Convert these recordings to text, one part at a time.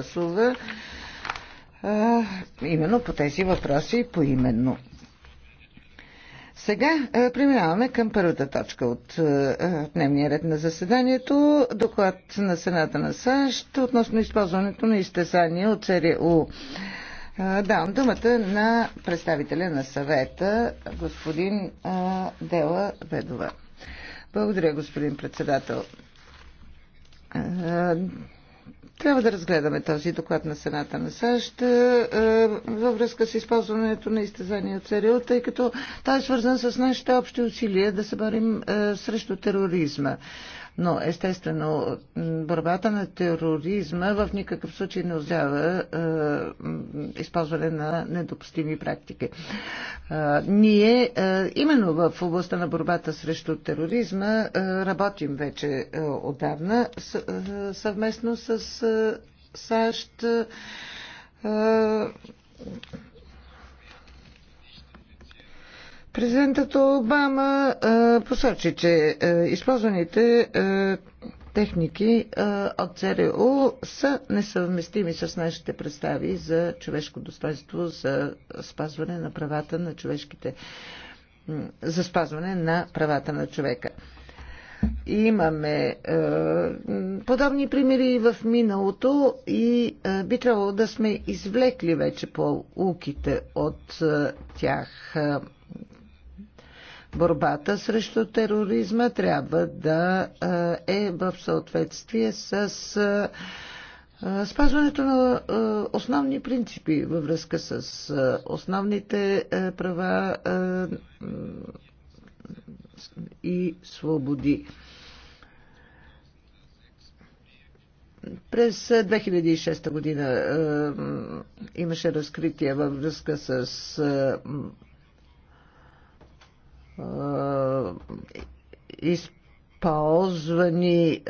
гласува а, именно по тези въпроси поименно. Сега а, преминаваме към първата точка от а, дневния ред на заседанието. Доклад на Сената на САЩ относно използването на изтезания от ЦРУ. давам думата на представителя на съвета, господин а, Дела Ведова. Благодаря, господин председател. Трябва да разгледаме този доклад на Сената на САЩ е, във връзка с използването на изтезания от ЦРУ, тъй като той е свързан с нашите общи усилия да се борим е, срещу тероризма. Но естествено, борбата на тероризма в никакъв случай не озява е, използване на недопустими практики. Е, ние е, именно в областта на борбата срещу тероризма е, работим вече е, отдавна с, е, съвместно с е, САЩ. Е, Президентът Обама а, посочи, че а, използваните а, техники а, от ЦРУ са несъвместими с нашите представи за човешко достоинство, за спазване на правата на човешките, за спазване на правата на човека. Имаме е, подобни примери в миналото и е, би трябвало да сме извлекли вече по уките от е, тях борбата срещу тероризма трябва да е в съответствие с спазването на основни принципи във връзка с основните права и свободи. През 2006 година имаше разкритие във връзка с е, използвани е,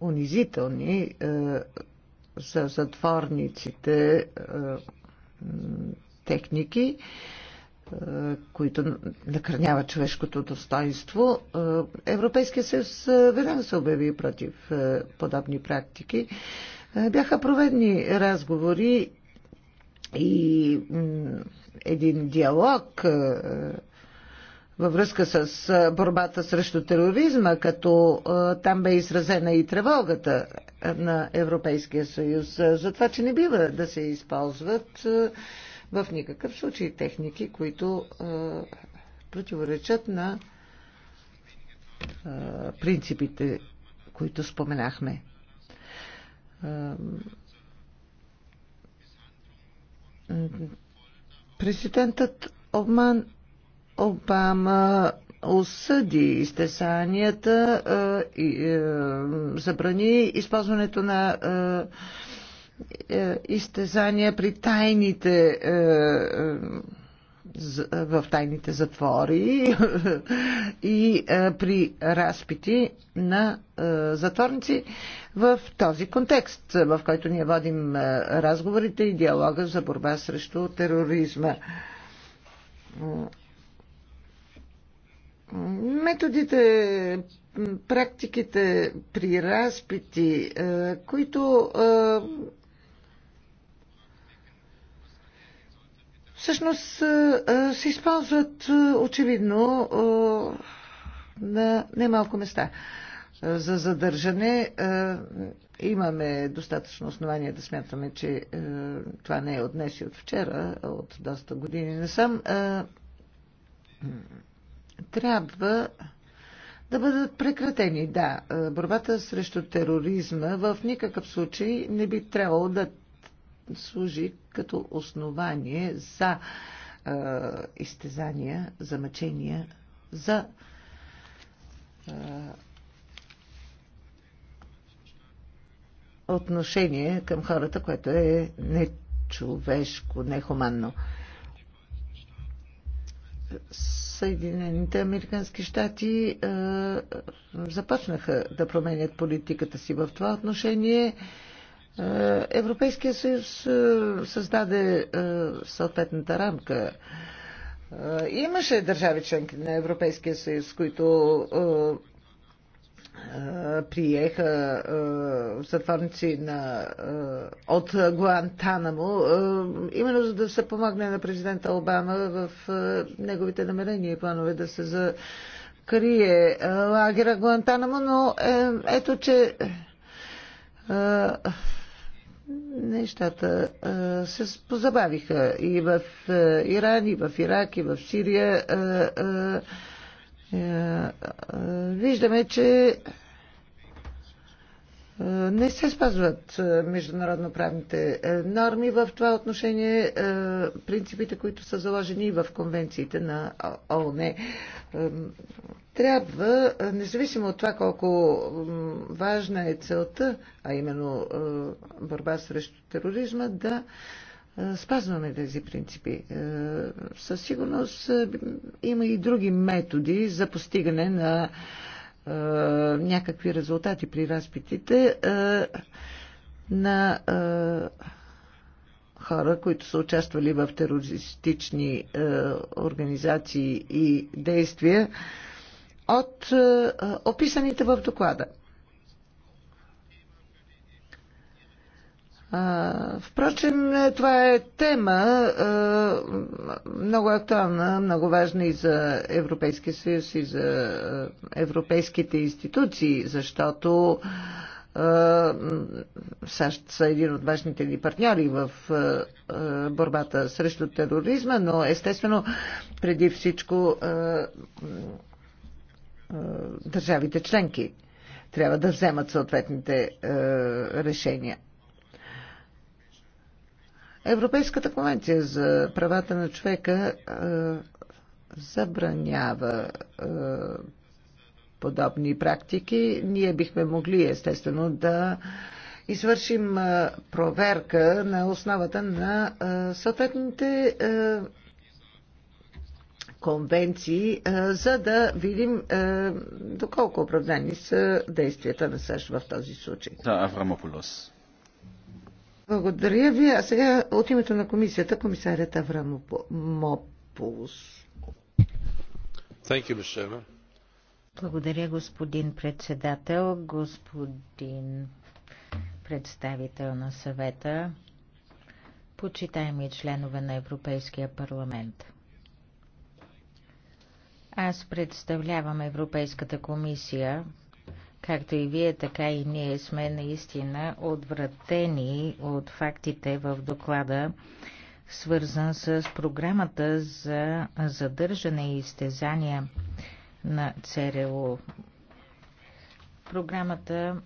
унизителни за е, затворниците техники, които накърняват човешкото достоинство. Европейския съюз веднага се обяви против подобни практики. Бяха проведени разговори и един диалог е, във връзка с е, борбата срещу тероризма, като е, там бе изразена и тревогата на Европейския съюз за това, че не бива да се използват в никакъв случай техники, които противоречат на принципите, които споменахме. Президентът Обман Обама осъди изтесанията и е, забрани използването на е, е, изтезания при тайните в тайните затвори и при разпити на затворници в този контекст, в който ние водим разговорите и диалога за борба срещу тероризма. Методите, практиките при разпити, които всъщност се използват очевидно на немалко места за задържане. Имаме достатъчно основания да смятаме, че това не е от днес и от вчера, а от доста години съм. Трябва да бъдат прекратени. Да, борбата срещу тероризма в никакъв случай не би трябвало да служи като основание за е, изтезания, за мъчения, за е, отношение към хората, което е нечовешко, нехуманно. Съединените американски щати е, започнаха да променят политиката си в това отношение. Е, е, Европейския съюз е, създаде е, съответната рамка. Имаше държави членки на Европейския съюз, които приеха затворници на, от Гуантанамо, именно за да се помогне на президента Обама в неговите намерения и планове да се закрие лагера Гуантанамо, но е, ето, че нещата се позабавиха и в Иран, и в Ирак, и в Сирия. Виждаме, че е, не се спазват е, международноправните е, норми в това отношение, принципите, които са заложени и в конвенциите на ООН. Трябва, независимо от това колко важна е целта, а именно борба срещу тероризма, да спазваме тези принципи. Със сигурност има и други методи за постигане на а, е, някакви резултати при разпитите а, е, на а, е, хора, които са участвали в терористични а, организации и действия от а, описаните в доклада. Впрочем, е, това е тема много актуална, много важна и за Европейския съюз, и за европейските институции, защото САЩ са един от важните ни партньори в борбата срещу тероризма, но естествено преди всичко държавите членки трябва да вземат съответните решения. Европейската конвенция за правата на човека забранява подобни практики. Ние бихме могли, естествено, да извършим проверка на основата на съответните конвенции, за да видим доколко оправдани са действията на САЩ в този случай. Да, Аврамополос. Благодаря ви. А сега от името на комисията комисарят Аврамопулс. Благодаря, господин председател, господин представител на съвета, почитаеми членове на Европейския парламент. Аз представлявам Европейската комисия Както и вие, така и ние сме наистина отвратени от фактите в доклада, свързан с програмата за задържане и изтезания на ЦРУ. Програмата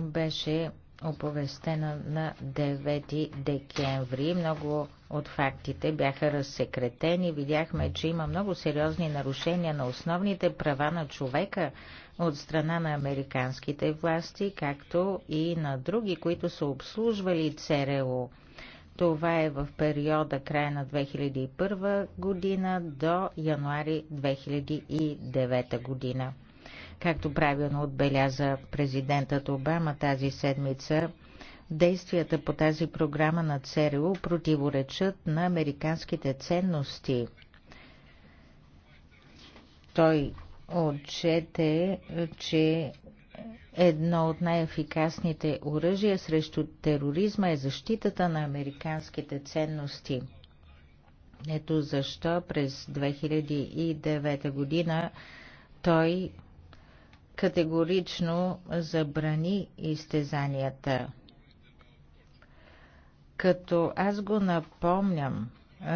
беше оповестена на 9 декември. Много от фактите бяха разсекретени. Видяхме, че има много сериозни нарушения на основните права на човека от страна на американските власти, както и на други, които са обслужвали ЦРУ. Това е в периода края на 2001 година до януари 2009 година. Както правилно отбеляза президентът Обама тази седмица, Действията по тази програма на ЦРУ противоречат на американските ценности. Той отчете, че едно от най-ефикасните оръжия срещу тероризма е защитата на американските ценности. Ето защо през 2009 година той категорично забрани изтезанията като аз го напомням,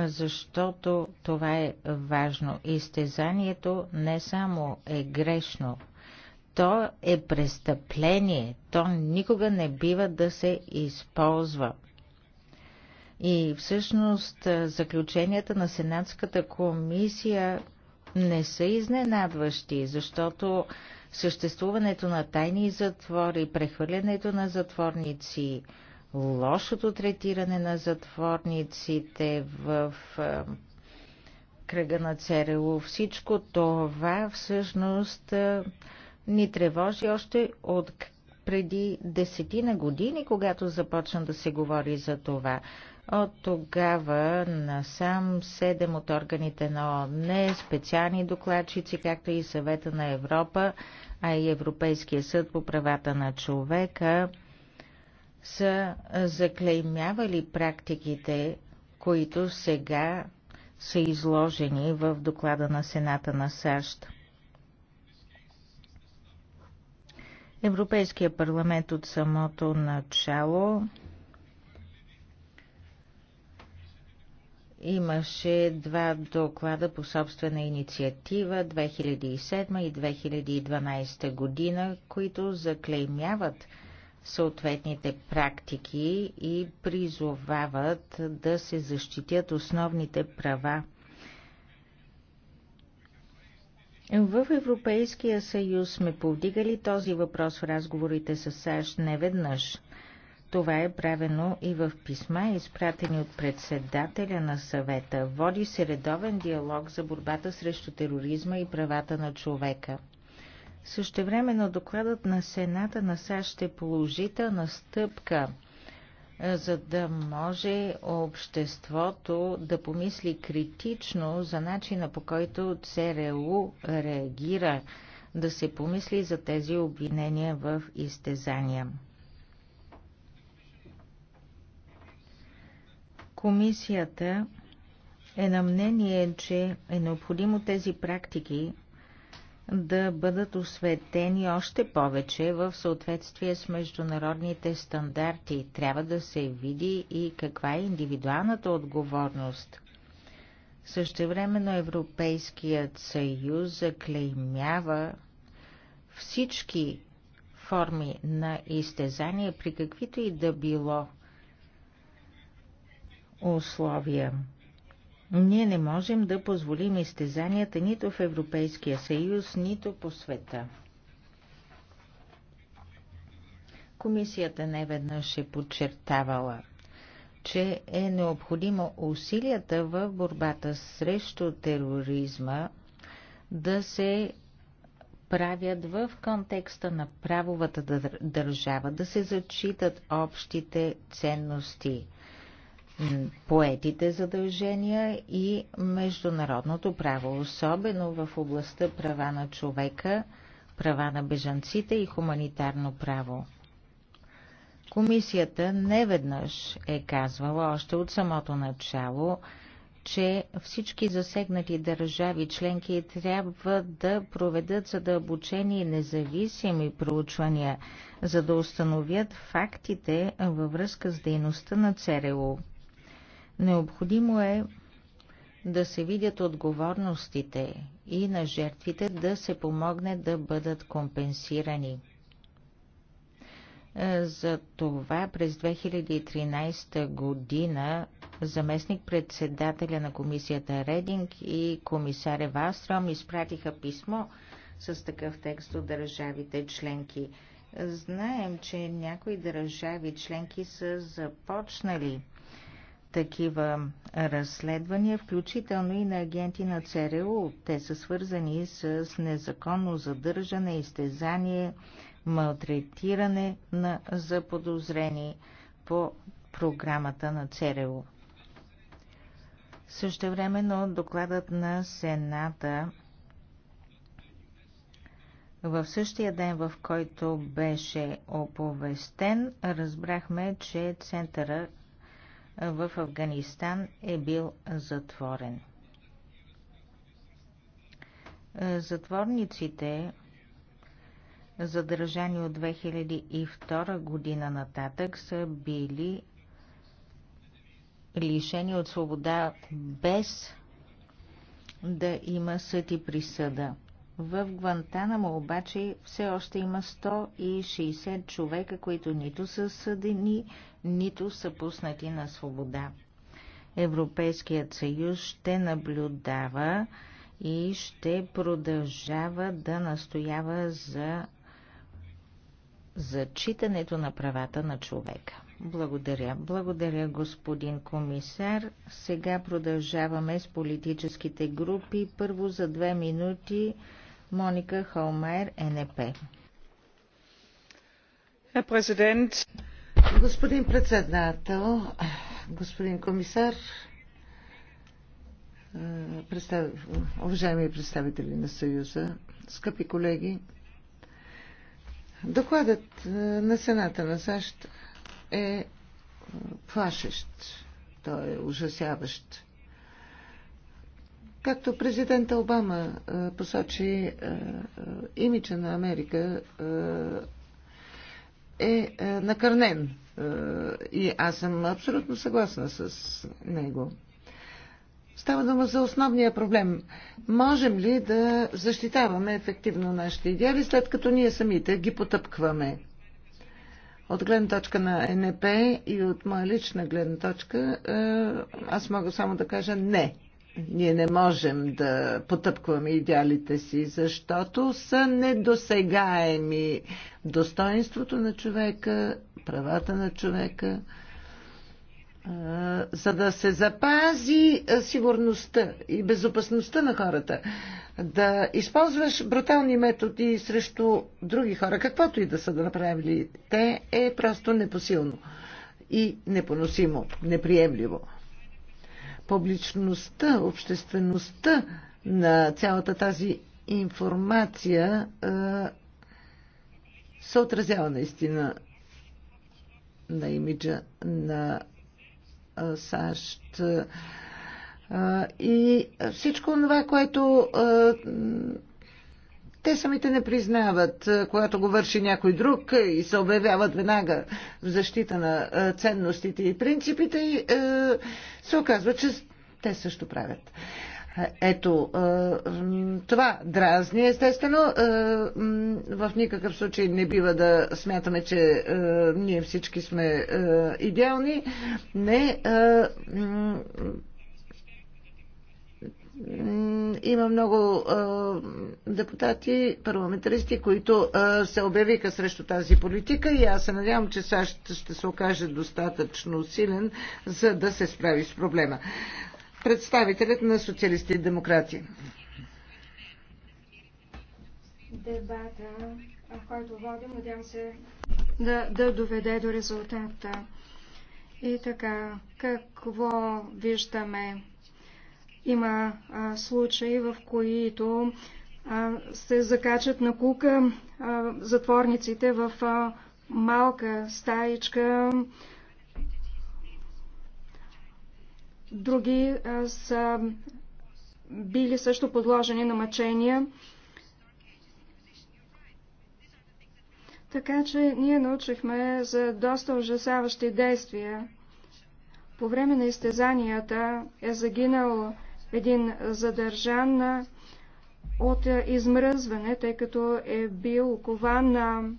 защото това е важно. Изтезанието не само е грешно, то е престъпление, то никога не бива да се използва. И всъщност заключенията на Сенатската комисия не са изненадващи, защото съществуването на тайни затвори, прехвърлянето на затворници, лошото третиране на затворниците в кръга на ЦРУ. Всичко това всъщност ни тревожи още от преди десетина години, когато започна да се говори за това. От тогава насам седем от органите на ООН, специални докладчици, както и съвета на Европа, а и Европейския съд по правата на човека – са заклеймявали практиките, които сега са изложени в доклада на Сената на САЩ. Европейския парламент от самото начало имаше два доклада по собствена инициатива 2007 и 2012 година, които заклеймяват съответните практики и призовават да се защитят основните права. В Европейския съюз сме повдигали този въпрос в разговорите с САЩ неведнъж. Това е правено и в писма, изпратени от председателя на съвета. Води се редовен диалог за борбата срещу тероризма и правата на човека. Същевременно докладът на Сената на САЩ е положителна стъпка, е, за да може обществото да помисли критично за начина по който ЦРУ реагира, да се помисли за тези обвинения в изтезания. Комисията е на мнение, че е необходимо тези практики да бъдат осветени още повече в съответствие с международните стандарти. Трябва да се види и каква е индивидуалната отговорност. Същевременно Европейският съюз заклеймява всички форми на изтезание при каквито и да било условия. Ние не можем да позволим изтезанията нито в Европейския съюз, нито по света. Комисията неведнъж е подчертавала, че е необходимо усилията в борбата срещу тероризма да се правят в контекста на правовата държава, да се зачитат общите ценности – поетите задължения и международното право, особено в областта права на човека, права на бежанците и хуманитарно право. Комисията неведнъж е казвала още от самото начало, че всички засегнати държави членки трябва да проведат задълбочени и независими проучвания, за да установят фактите във връзка с дейността на ЦРУ. Необходимо е да се видят отговорностите и на жертвите да се помогне да бъдат компенсирани. Е, за това през 2013 година заместник председателя на комисията Рединг и комисаря Вастром изпратиха писмо с такъв текст от държавите членки. Знаем, че някои държави членки са започнали такива разследвания, включително и на агенти на ЦРУ. Те са свързани с незаконно задържане, изтезание, малтретиране на заподозрени по програмата на ЦРУ. Също времено докладът на Сената в същия ден, в който беше оповестен, разбрахме, че Центъра в Афганистан е бил затворен. Затворниците, задържани от 2002 година нататък, са били лишени от свобода без да има съд и присъда. В Гвантанамо обаче все още има 160 човека, които нито са съдени, нито са пуснати на свобода. Европейският съюз ще наблюдава и ще продължава да настоява за зачитането на правата на човека. Благодаря. Благодаря, господин комисар. Сега продължаваме с политическите групи. Първо за две минути Моника Холмайер, НП. Господин председател, господин комисар, представ... уважаеми представители на Съюза, скъпи колеги, докладът е, на Сената на САЩ е, е плашещ, той е ужасяващ. Както президента Обама е, посочи, е, е, имиджа на Америка е накърнен. И аз съм абсолютно съгласна с него. Става дума за основния проблем. Можем ли да защитаваме ефективно нашите идеали, след като ние самите ги потъпкваме? От гледна точка на НП и от моя лична гледна точка, аз мога само да кажа не ние не можем да потъпкваме идеалите си, защото са недосегаеми достоинството на човека, правата на човека, за да се запази сигурността и безопасността на хората. Да използваш брутални методи срещу други хора, каквото и да са да направили те, е просто непосилно и непоносимо, неприемливо публичността, обществеността на цялата тази информация се отразява наистина на имиджа на САЩ. И всичко това, което те самите не признават, е, когато го върши някой друг е, и се обявяват веднага в защита на е, ценностите и принципите, и се оказва, че те също правят. Ето, това дразни, естествено. В никакъв случай не бива да смятаме, че ние всички сме идеални. Не, има много депутати, парламентаристи, които се обявиха срещу тази политика и аз се надявам, че САЩ ще се окаже достатъчно силен, за да се справи с проблема. Представителят на социалисти и демократи. Дебата, който водим, надявам се да, да доведе до резултата. И така, какво виждаме? Има а, случаи, в които а, се закачат на кука а, затворниците в а, малка стаичка. Други а, са били също подложени на мъчения. Така че ние научихме за доста ужасяващи действия. По време на изтезанията е загинал един задържан от измръзване, тъй като е бил кован на...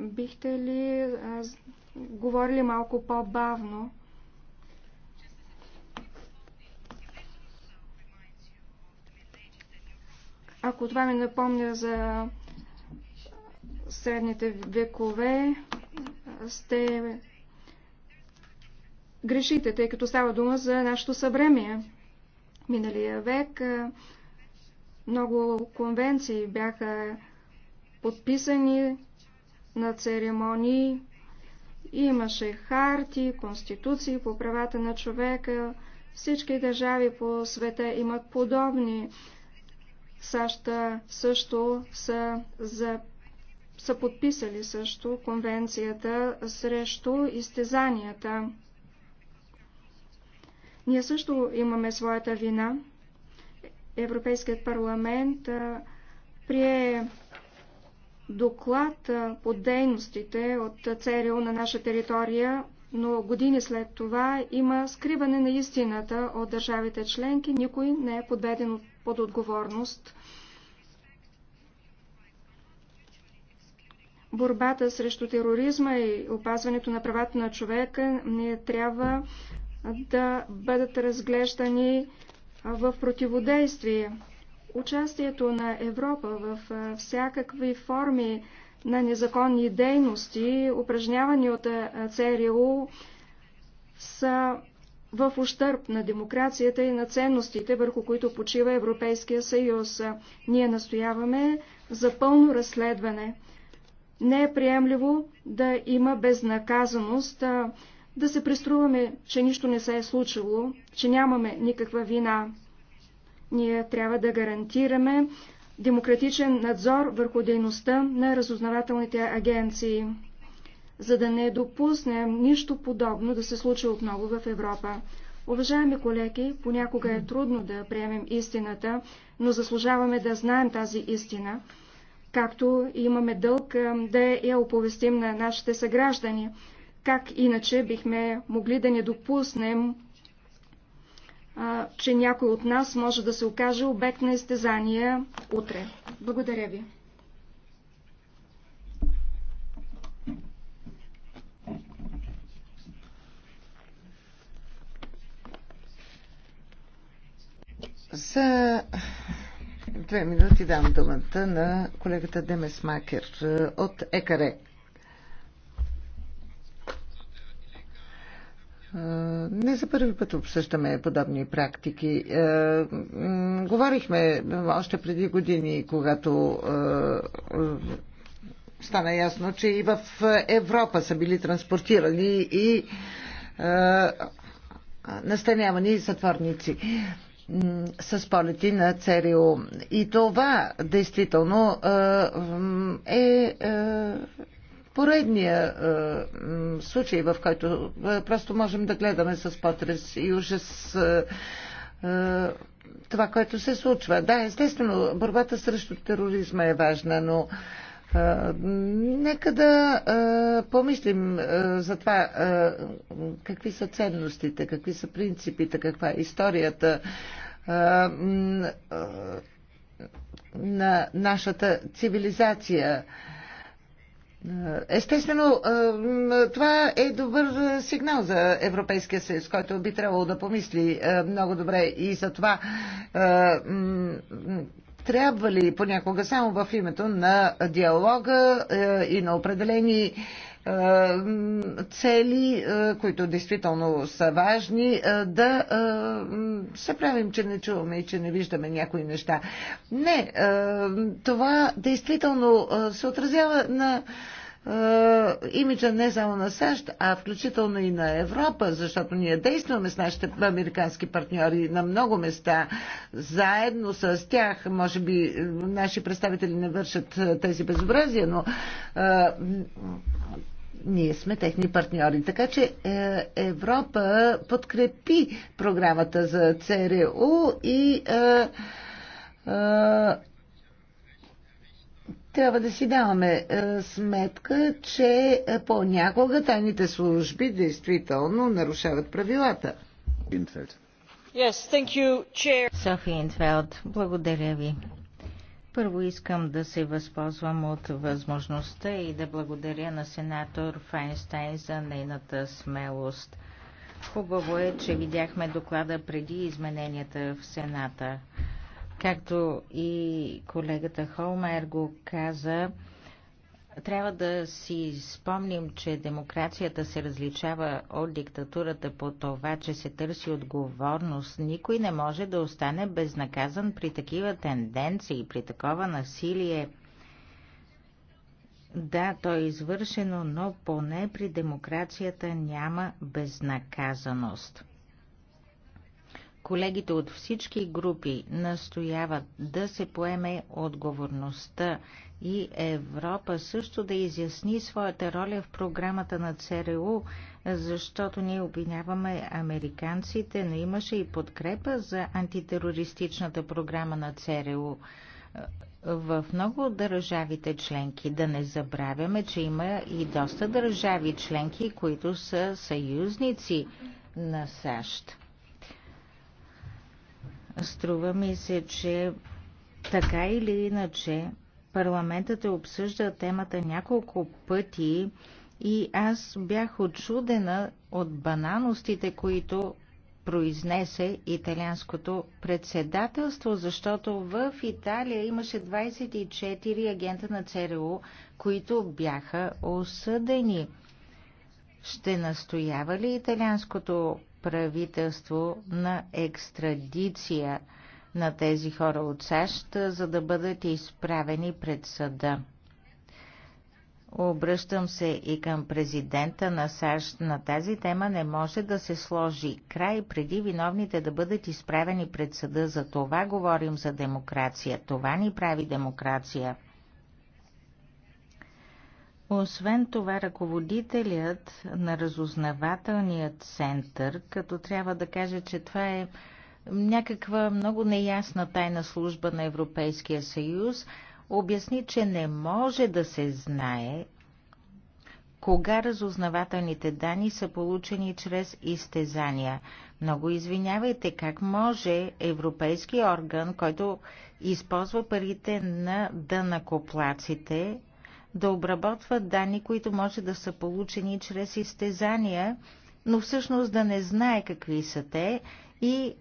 Бихте ли говорили малко по-бавно? Ако това ми напомня за средните векове, сте грешите, тъй като става дума за нашето съвремие. Миналия век много конвенции бяха подписани на церемонии. Имаше харти, конституции по правата на човека. Всички държави по света имат подобни. САЩ също са, за, са подписали също конвенцията срещу изтезанията. Ние също имаме своята вина. Европейският парламент прие доклад по дейностите от ЦРУ на наша територия, но години след това има скриване на истината от държавите членки. Никой не е подведен под отговорност. Борбата срещу тероризма и опазването на правата на човека не трябва да бъдат разглеждани в противодействие. Участието на Европа в всякакви форми на незаконни дейности, упражнявани от ЦРУ, са в ущърп на демокрацията и на ценностите, върху които почива Европейския съюз. Ние настояваме за пълно разследване. Не е приемливо да има безнаказаност да се преструваме, че нищо не се е случило, че нямаме никаква вина. Ние трябва да гарантираме демократичен надзор върху дейността на разузнавателните агенции, за да не допуснем нищо подобно да се случи отново в Европа. Уважаеми колеги, понякога е трудно да приемем истината, но заслужаваме да знаем тази истина, както имаме дълг да я оповестим на нашите съграждани. Как иначе бихме могли да не допуснем, а, че някой от нас може да се окаже обект на изтезания утре? Благодаря ви. За две минути дам думата на колегата Демес Макер от ЕКАРЕ. Е, не за първи път обсъждаме подобни практики. Е, говорихме още преди години, когато е, стана ясно, че и в Европа са били транспортирани и настанявани затворници с полети на ЦРУ. И това действително е поредния е, случай, в който е, просто можем да гледаме с потрес и ужас с е, е, това, което се случва. Да, естествено, борбата срещу тероризма е важна, но е, нека да е, помислим за това какви са ценностите, какви са принципите, каква е историята на нашата цивилизация. Естествено, това е добър сигнал за Европейския съюз, който би трябвало да помисли много добре и за това трябва ли понякога само в името на диалога и на определени е, цели, е, които действително са важни, е, да се правим, че не чуваме и че не виждаме някои неща. Не, това действително се отразява на имиджа не само на САЩ, а включително и на Европа, защото ние действаме с нашите американски партньори на много места, заедно с тях. Може би наши представители не вършат тези безобразия, но ние сме техни партньори. Така че е, Европа подкрепи програмата за ЦРУ и е, е, трябва да си даваме е, сметка, че е, понякога тайните служби действително нарушават правилата. Yes, thank you, Chair. Софи Инфелд, благодаря ви. Първо искам да се възползвам от възможността и да благодаря на сенатор Файнстайн за нейната смелост. Хубаво е, че видяхме доклада преди измененията в Сената. Както и колегата Холмайер го каза, трябва да си спомним, че демокрацията се различава от диктатурата по това, че се търси отговорност. Никой не може да остане безнаказан при такива тенденции, при такова насилие. Да, то е извършено, но поне при демокрацията няма безнаказаност. Колегите от всички групи настояват да се поеме отговорността и Европа също да изясни своята роля в програмата на ЦРУ, защото ние обвиняваме американците, но имаше и подкрепа за антитерористичната програма на ЦРУ в много от държавите членки. Да не забравяме, че има и доста държави членки, които са съюзници на САЩ. Струва ми се, че така или иначе Парламентът е обсъждал темата няколко пъти и аз бях очудена от бананостите, които произнесе италианското председателство, защото в Италия имаше 24 агента на ЦРУ, които бяха осъдени. Ще настоява ли италианското правителство на екстрадиция на тези хора от САЩ, за да бъдат изправени пред съда. Обръщам се и към президента на САЩ. На тази тема не може да се сложи край преди виновните да бъдат изправени пред съда. За това говорим за демокрация. Това ни прави демокрация. Освен това, ръководителят на разузнавателният център, като трябва да каже, че това е някаква много неясна тайна служба на Европейския съюз обясни, че не може да се знае кога разузнавателните данни са получени чрез изтезания. Много извинявайте, как може европейски орган, който използва парите на дънакоплаците, да обработва данни, които може да са получени чрез изтезания, но всъщност да не знае какви са те и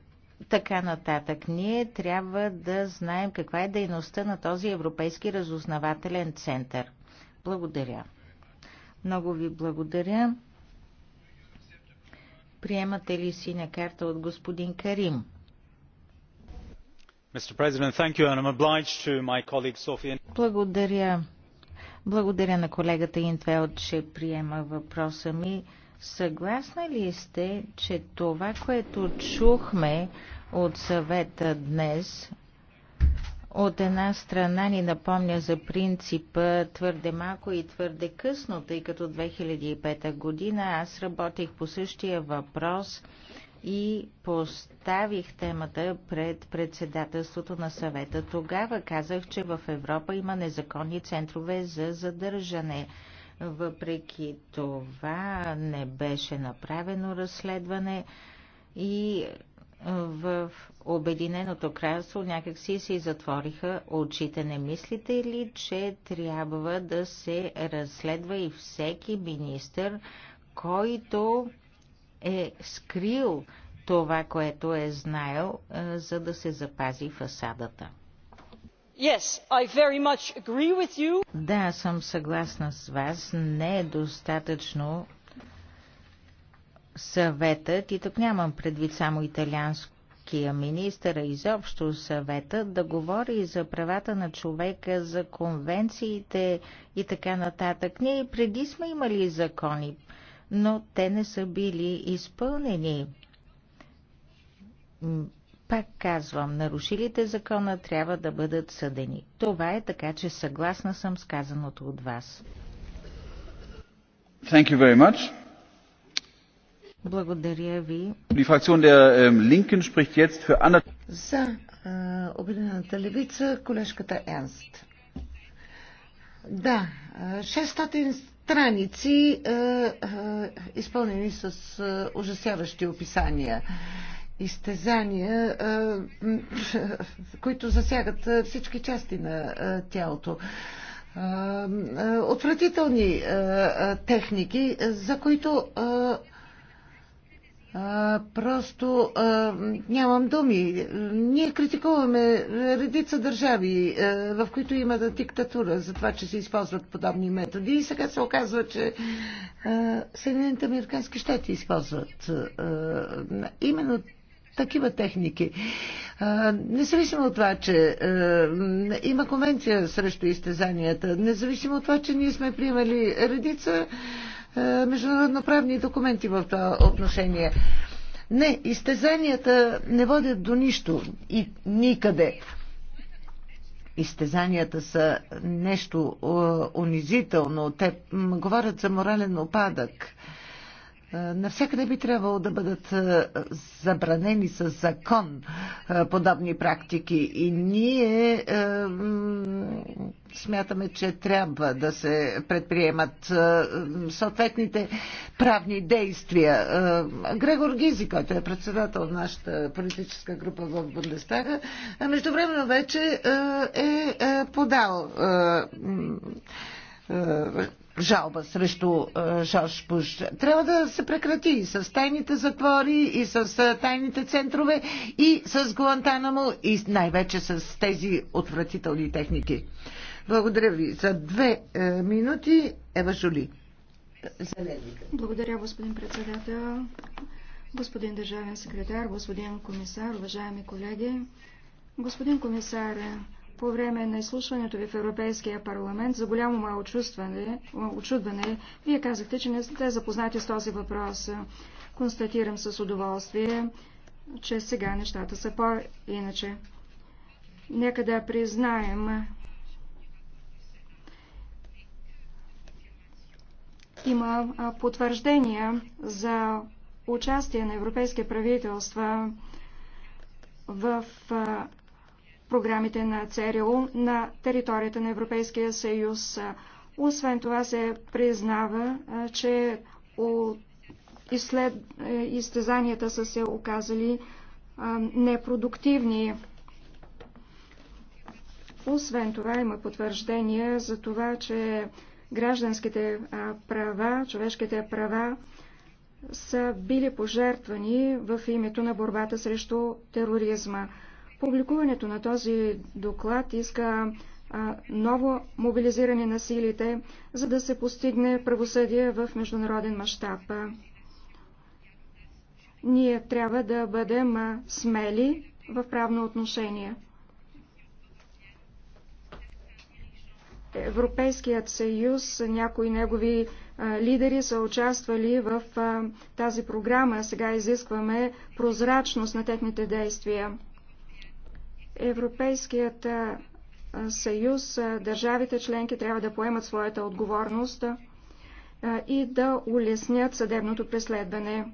така нататък. Ние трябва да знаем каква е дейността на този Европейски разузнавателен център. Благодаря. Много ви благодаря. Приемате ли синя карта от господин Карим? Благодаря. Благодаря на колегата Интвел, че приема въпроса ми. Съгласна ли сте, че това, което чухме от съвета днес, от една страна ни напомня за принципа твърде малко и твърде късно, тъй като 2005 година аз работих по същия въпрос и поставих темата пред председателството на съвета. Тогава казах, че в Европа има незаконни центрове за задържане. Въпреки това не беше направено разследване и в Обединеното кралство някакси си затвориха очите. Не мислите ли, че трябва да се разследва и всеки министр, който е скрил това, което е знаел, за да се запази фасадата? Yes, I very much agree with you. Да, съм съгласна с вас. Не е достатъчно съветът, и тук нямам предвид само италианския министър, а изобщо съветът да говори за правата на човека, за конвенциите и така нататък. Ние и преди сме имали закони, но те не са били изпълнени пак казвам, нарушилите закона трябва да бъдат съдени. Това е така, че съгласна съм с казаното от вас. Thank you very much. Благодаря ви. Die Fraktion der ähm, Linken spricht jetzt für Anna... За äh, Обединената левица, колежката Енст. Да, 600 страници, изпълнени с ужасяващи описания изтезания, които засягат всички части на тялото. Отвратителни техники, за които просто нямам думи. Ние критикуваме редица държави, в които има диктатура за това, че се използват подобни методи и сега се оказва, че Съединените Американски щати използват именно такива техники. Независимо от това, че има конвенция срещу изтезанията, независимо от това, че ние сме приемали редица международноправни документи в това отношение. Не, изтезанията не водят до нищо и никъде. Изтезанията са нещо унизително. Те говорят за морален опадък. Е, навсякъде би трябвало да бъдат е, забранени с закон е, подобни практики и ние смятаме, че трябва да се предприемат съответните правни действия. Грегор Гизи, който е председател на нашата политическа група в Бундестага, междувременно вече е подал жалба срещу е, Жорж Пуш. Трябва да се прекрати с тайните затвори и с е, тайните центрове и с Гуантанамо и най-вече с тези отвратителни техники. Благодаря ви. За две е, минути Ева Жули. Зеленика. Благодаря, господин председател, господин държавен секретар, господин комисар, уважаеми колеги. Господин комисар, по време на изслушването ви в Европейския парламент, за голямо мое очудване, очудване, вие казахте, че не сте запознати с този въпрос. Констатирам с удоволствие, че сега нещата са по-иначе. Нека да признаем, има потвърждения за участие на европейски правителства в програмите на ЦРУ на територията на Европейския съюз. Освен това се признава, че е, изтезанията са се оказали непродуктивни. Освен това има потвърждение за това, че гражданските права, човешките права са били пожертвани в името на борбата срещу тероризма. Публикуването на този доклад иска ново мобилизиране на силите, за да се постигне правосъдие в международен мащаб. Ние трябва да бъдем смели в правно отношение. Европейският съюз, някои негови лидери са участвали в тази програма. Сега изискваме прозрачност на техните действия. Европейският съюз, държавите членки трябва да поемат своята отговорност и да улеснят съдебното преследване.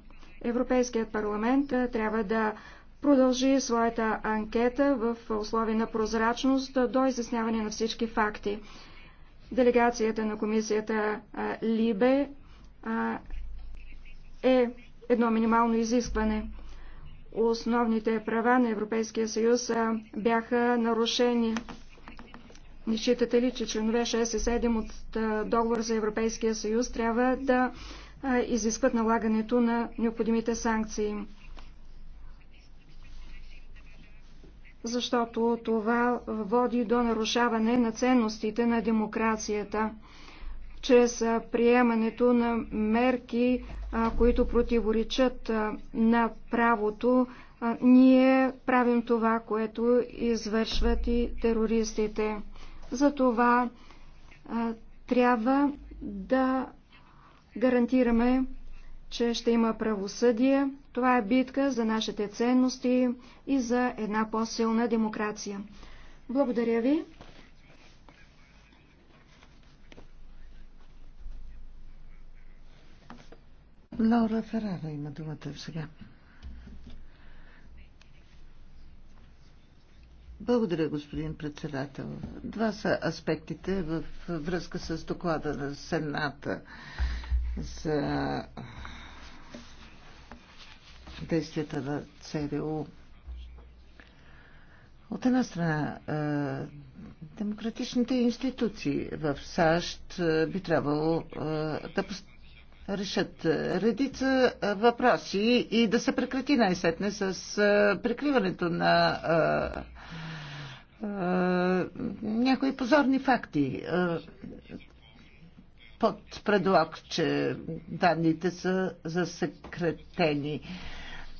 Европейският парламент трябва да продължи своята анкета в условия на прозрачност до изясняване на всички факти. Делегацията на комисията Либе е едно минимално изискване основните права на Европейския съюз бяха нарушени. Не считате ли, че членове 6 и 7 от договор за Европейския съюз трябва да изискват налагането на необходимите санкции? Защото това води до нарушаване на ценностите на демокрацията чрез приемането на мерки, които противоречат на правото, ние правим това, което извършват и терористите. Затова трябва да гарантираме, че ще има правосъдие. Това е битка за нашите ценности и за една по-силна демокрация. Благодаря ви. Лаура Ферара има думата сега. Благодаря, господин председател. Два са аспектите в връзка с доклада на Сената за действията на ЦРУ. От една страна, е, демократичните институции в САЩ е, би трябвало е, да решат е, редица е, въпроси и да се прекрати най-сетне с е, прикриването на някои позорни факти под предлог, че данните са засекретени.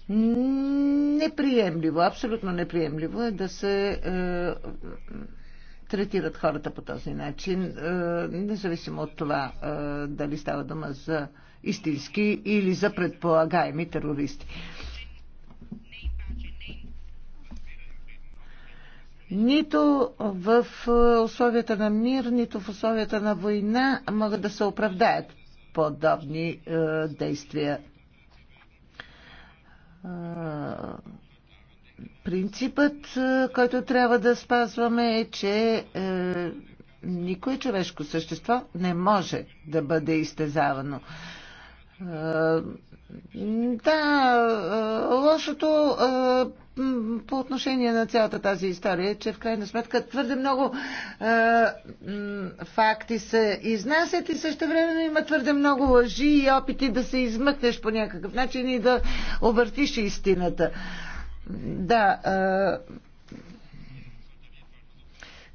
Неприемливо, абсолютно неприемливо е да се третират хората по този начин, е, независимо от това е, дали става дума за истински или за предполагаеми терористи. Нито в условията на мир, нито в условията на война могат да се оправдаят подобни е, действия. Принципът, е, който трябва да спазваме е, че е, никое човешко същество не може да бъде изтезавано. Е, да, е, лошото е, по отношение на цялата тази история е, че в крайна сметка твърде много е, факти се изнасят и също време има твърде много лъжи и опити да се измъкнеш по някакъв начин и да объртиш истината. Да.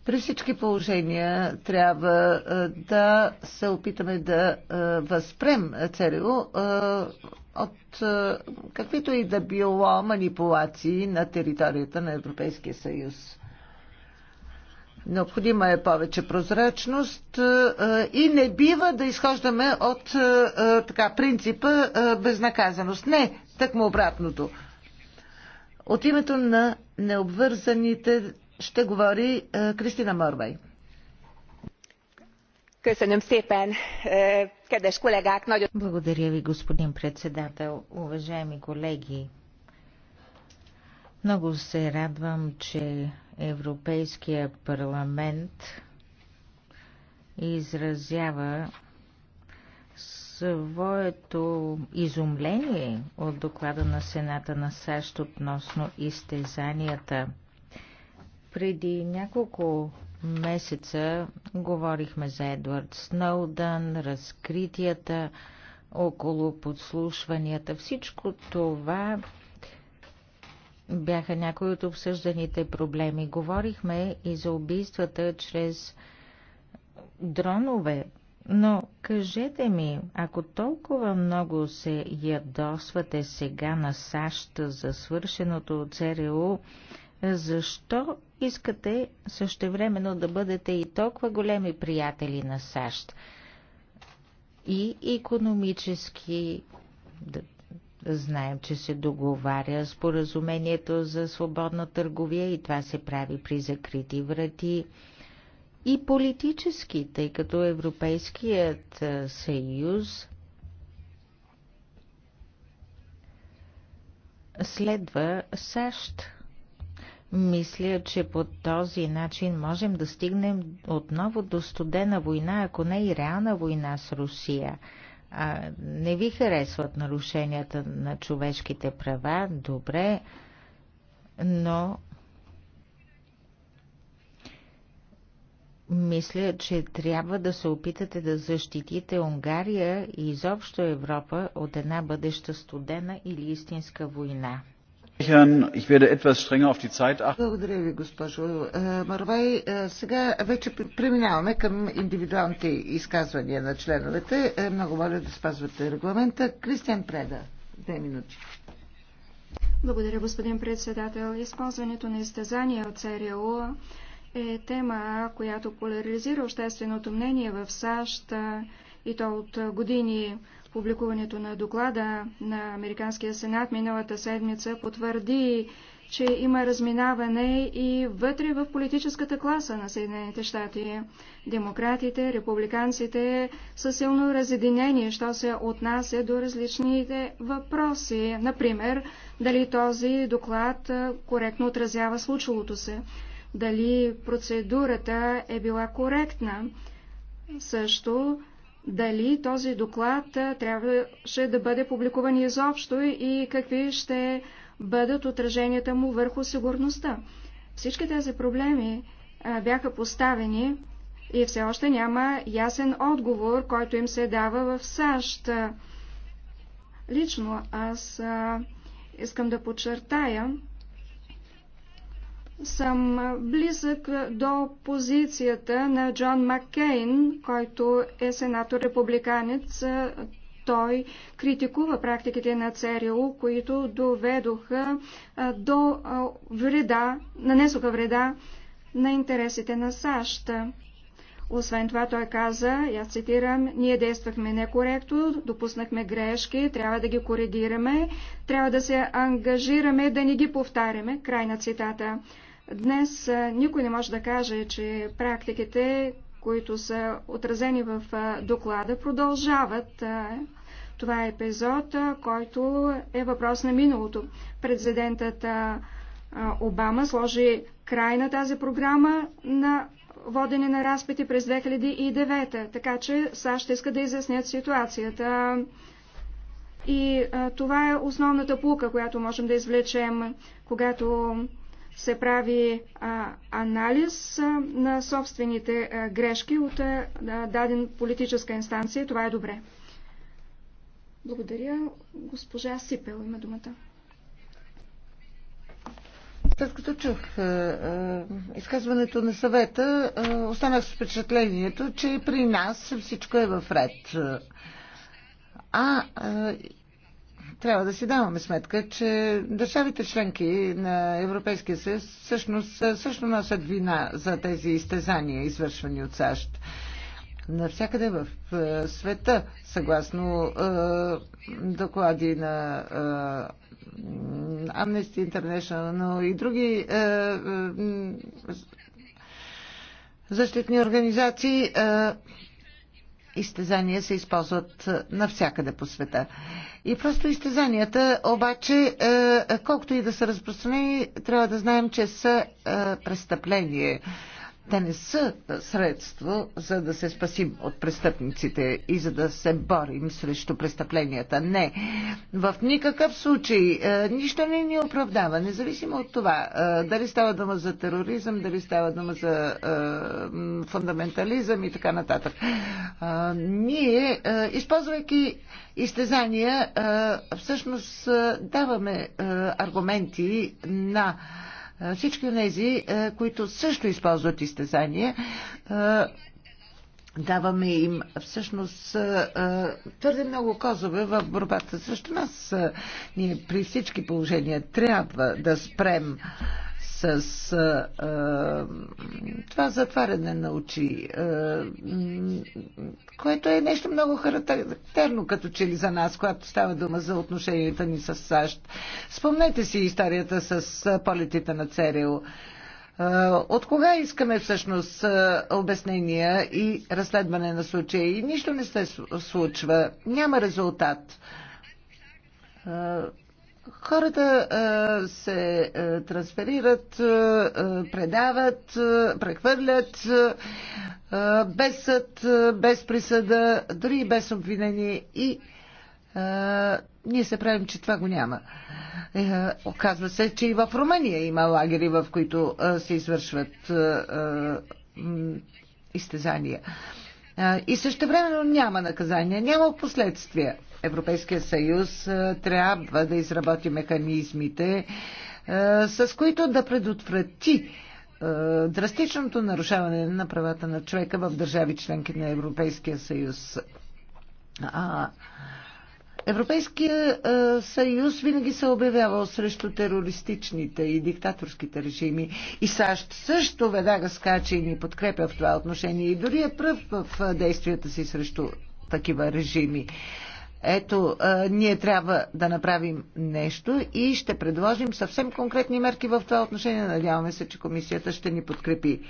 При всички положения трябва да се опитаме да възпрем ЦРУ от каквито и да било манипулации на територията на Европейския съюз. Необходима е повече прозрачност и не бива да изхождаме от така принципа безнаказаност. Не, тъкмо обратното. От името на необвързаните ще говори е, Кристина Морбай. Е, Благодаря ви, господин председател. Уважаеми колеги, много се радвам, че Европейския парламент изразява своето изумление от доклада на Сената на САЩ относно изтезанията. Преди няколко месеца говорихме за Едвард Сноудън, разкритията около подслушванията. Всичко това бяха някои от обсъжданите проблеми. Говорихме и за убийствата чрез дронове, но кажете ми, ако толкова много се ядосвате сега на САЩ за свършеното от ЦРУ, защо искате същевременно да бъдете и толкова големи приятели на САЩ? И економически, да, знаем, че се договаря споразумението за свободна търговия и това се прави при закрити врати и политически, тъй като Европейският съюз следва САЩ. Мисля, че по този начин можем да стигнем отново до студена война, ако не и реална война с Русия. А, не ви харесват нарушенията на човешките права, добре, но Мисля, че трябва да се опитате да защитите Унгария и изобщо Европа от една бъдеща студена или истинска война. Благодаря ви, госпожо е, Марвай. Е, сега вече преминаваме към индивидуалните изказвания на членовете. Е, много моля да спазвате регламента. Кристиан Преда, две минути. Благодаря, господин председател. Използването на изтезания от ЦРУ е тема, която поляризира общественото мнение в САЩ и то от години. Публикуването на доклада на Американския сенат миналата седмица потвърди, че има разминаване и вътре в политическата класа на Съединените щати. Демократите, републиканците са силно разединени, що се отнася до различните въпроси. Например, дали този доклад коректно отразява случилото се дали процедурата е била коректна. Също дали този доклад трябваше да бъде публикуван изобщо и какви ще бъдат отраженията му върху сигурността. Всички тези проблеми бяха поставени и все още няма ясен отговор, който им се дава в САЩ. Лично аз искам да подчертая, съм близък до позицията на Джон Маккейн, който е сенатор-републиканец. Той критикува практиките на ЦРУ, които доведоха до вреда, нанесоха вреда на интересите на САЩ. Освен това той каза, я цитирам, ние действахме некоректно, допуснахме грешки, трябва да ги коригираме, трябва да се ангажираме, да не ги повтаряме. Край на цитата. Днес никой не може да каже, че практиките, които са отразени в доклада, продължават. Това е епизод, който е въпрос на миналото. Президентът Обама сложи край на тази програма на водене на разпити през 2009. Така че САЩ иска да изяснят ситуацията. И а, това е основната пулка, която можем да извлечем, когато се прави а, анализ а, на собствените а, грешки от а, даден политическа инстанция. Това е добре. Благодаря. Госпожа Сипел има думата. След като чух изказването на съвета, останах с впечатлението, че при нас всичко е в ред. А трябва да си даваме сметка, че държавите членки на Европейския съюз всъщност също носят вина за тези изтезания, извършвани от САЩ навсякъде в е, света, съгласно е, доклади на е, Amnesty International, но и други е, е, защитни организации. Е, изтезания се използват е, навсякъде по света. И просто изтезанията, обаче, е, колкото и да са разпространени, трябва да знаем, че са е, престъпление. Те не са средство за да се спасим от престъпниците и за да се борим срещу престъпленията. Не. В никакъв случай е, нищо не ни оправдава, независимо от това е, дали става дума за тероризъм, дали става дума за е, фундаментализъм и така нататък. Ние, използвайки изтезания, всъщност даваме аргументи на всички от тези, които също използват изтезания, даваме им всъщност твърде много козове в борбата срещу нас. Ние при всички положения трябва да спрем с а, това затваряне на очи, а, което е нещо много характерно като че ли за нас, когато става дума за отношенията ни с САЩ. Спомнете си историята с полетите на ЦРУ. От кога искаме всъщност обяснения и разследване на случаи? Нищо не се случва. Няма резултат Хората а, се а, трансферират, а, предават, а, прехвърлят а, без съд, а, без присъда, дори и без обвинение и а, ние се правим, че това го няма. А, е, оказва се, че и в Румъния има лагери, в които а, се извършват а, а, изтезания. А, и също времено няма наказания, няма последствия. Европейския съюз трябва да изработи механизмите, с които да предотврати драстичното нарушаване на правата на човека в държави членки на Европейския съюз. А, Европейския съюз винаги се е обявявал срещу терористичните и диктаторските режими и САЩ също веднага скача и ни подкрепя в това отношение и дори е пръв в действията си срещу такива режими. Ето, ние трябва да направим нещо и ще предложим съвсем конкретни мерки в това отношение. Надяваме се, че комисията ще ни подкрепи.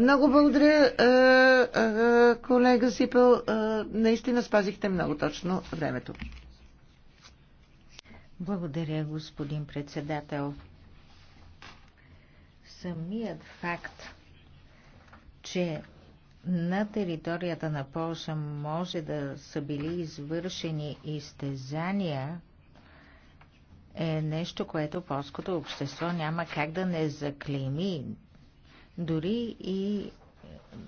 Много благодаря, колега Сипел. Наистина спазихте много точно времето. Благодаря, господин председател. Самият факт, че на територията на Полша може да са били извършени изтезания, е нещо, което полското общество няма как да не заклейми. Дори и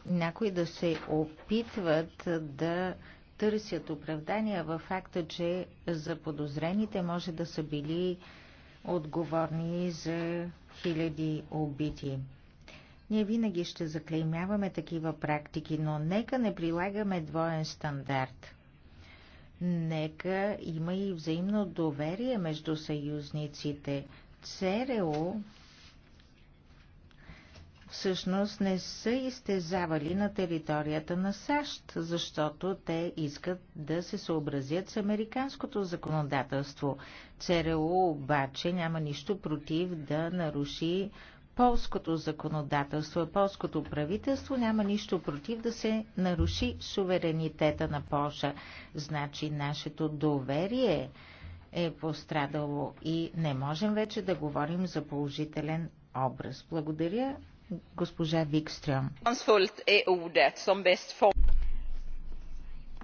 някои да се опитват да търсят оправдания във факта, че за подозрените може да са били отговорни за хиляди убити. Ние винаги ще заклеймяваме такива практики, но нека не прилагаме двоен стандарт. Нека има и взаимно доверие между съюзниците. ЦРУ всъщност не са изтезавали на територията на САЩ, защото те искат да се съобразят с американското законодателство. ЦРУ обаче няма нищо против да наруши полското законодателство, полското правителство няма нищо против да се наруши суверенитета на Польша. Значи нашето доверие е пострадало и не можем вече да говорим за положителен образ. Благодаря, госпожа Викстрем. E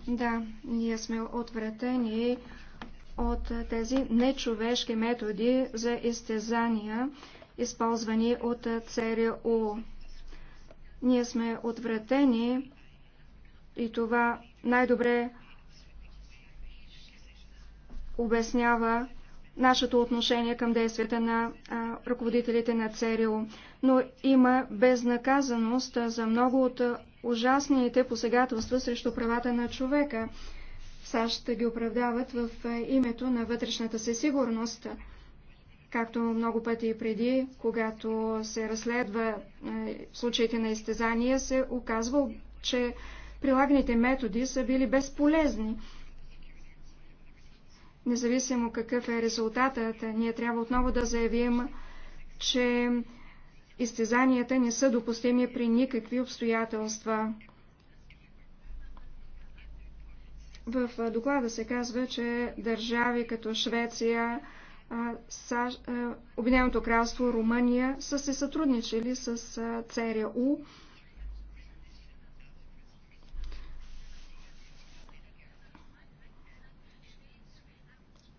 да, ние сме отвратени от тези нечовешки методи за изтезания, използвани от ЦРУ. Ние сме отвратени и това най-добре обяснява нашето отношение към действията на а, ръководителите на ЦРУ. Но има безнаказаност за много от ужасните посегателства срещу правата на човека. САЩ ги оправдават в името на вътрешната си сигурност. Както много пъти и преди, когато се разследва е, случаите на изтезания, се оказва, че прилаганите методи са били безполезни. Независимо какъв е резултатът, ние трябва отново да заявим, че изтезанията не са допустими при никакви обстоятелства. В доклада се казва, че държави като Швеция, Обединеното кралство, Румъния са се сътрудничили с ЦРУ. Е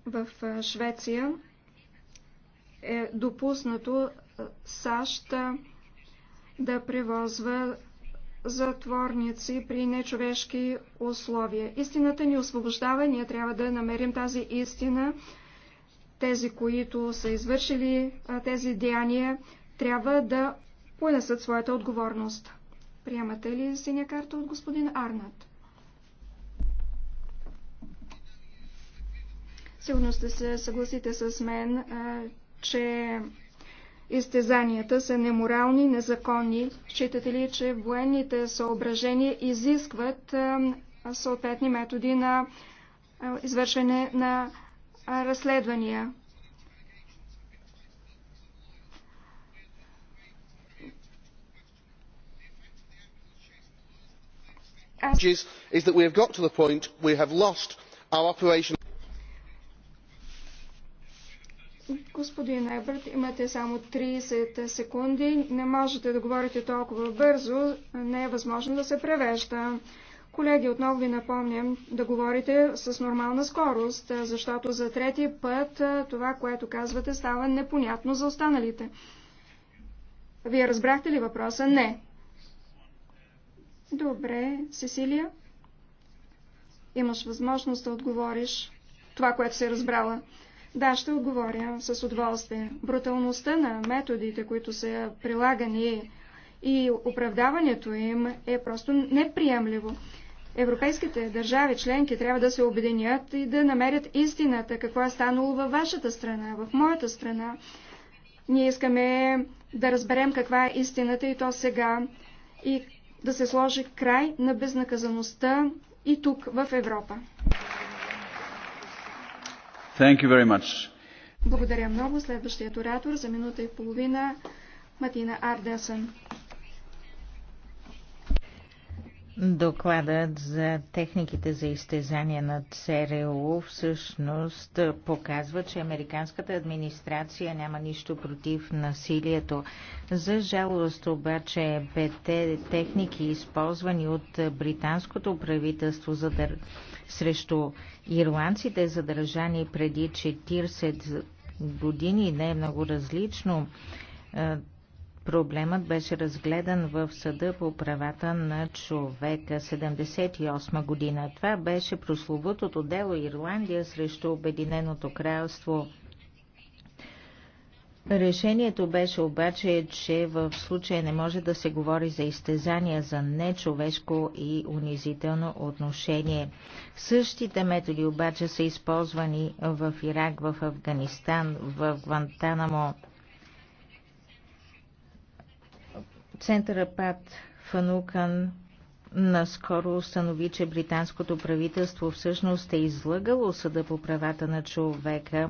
В Швеция е допуснато САЩ да превозва затворници при нечовешки условия. Истината ни освобождава, ние трябва да намерим тази истина тези, които са извършили тези деяния, трябва да понесат своята отговорност. Приемате ли синя карта от господин Арнат? Сигурно ще се съгласите с мен, че изтезанията са неморални, незаконни. Считате ли, че военните съображения изискват съответни методи на извършване на разследвания. is that we have got to the point we have lost our operation. Господин Еберт, имате само 30 секунди. Не можете да говорите толкова бързо. Не е възможно да се превежда. Колеги, отново ви напомням да говорите с нормална скорост, е, защото за трети път е, това, което казвате, става непонятно за останалите. Вие разбрахте ли въпроса? Не. Добре, Сесилия. Имаш възможност да отговориш това, което си разбрала. Да, ще отговоря с удоволствие. Бруталността на методите, които са прилагани и оправдаването им е просто неприемливо. Европейските държави членки трябва да се обединят и да намерят истината, какво е станало във вашата страна, в моята страна. Ние искаме да разберем каква е истината и то сега и да се сложи край на безнаказаността и тук, в Европа. Thank you very much. Благодаря много. Следващият оратор за минута и половина Матина Ардесън. Докладът за техниките за изтезание на ЦРУ всъщност показва, че американската администрация няма нищо против насилието. За жалост обаче пете техники, използвани от британското правителство за дър... срещу ирландците, задържани преди 40 години, не е много различно Проблемът беше разгледан в Съда по правата на човека 78 година. Това беше прословутото дело Ирландия срещу Обединеното кралство. Решението беше обаче, че в случая не може да се говори за изтезания, за нечовешко и унизително отношение. Същите методи обаче са използвани в Ирак, в Афганистан, в Гвантанамо. Центъра Пат Фанукан наскоро установи, че британското правителство всъщност е излъгало съда по правата на човека,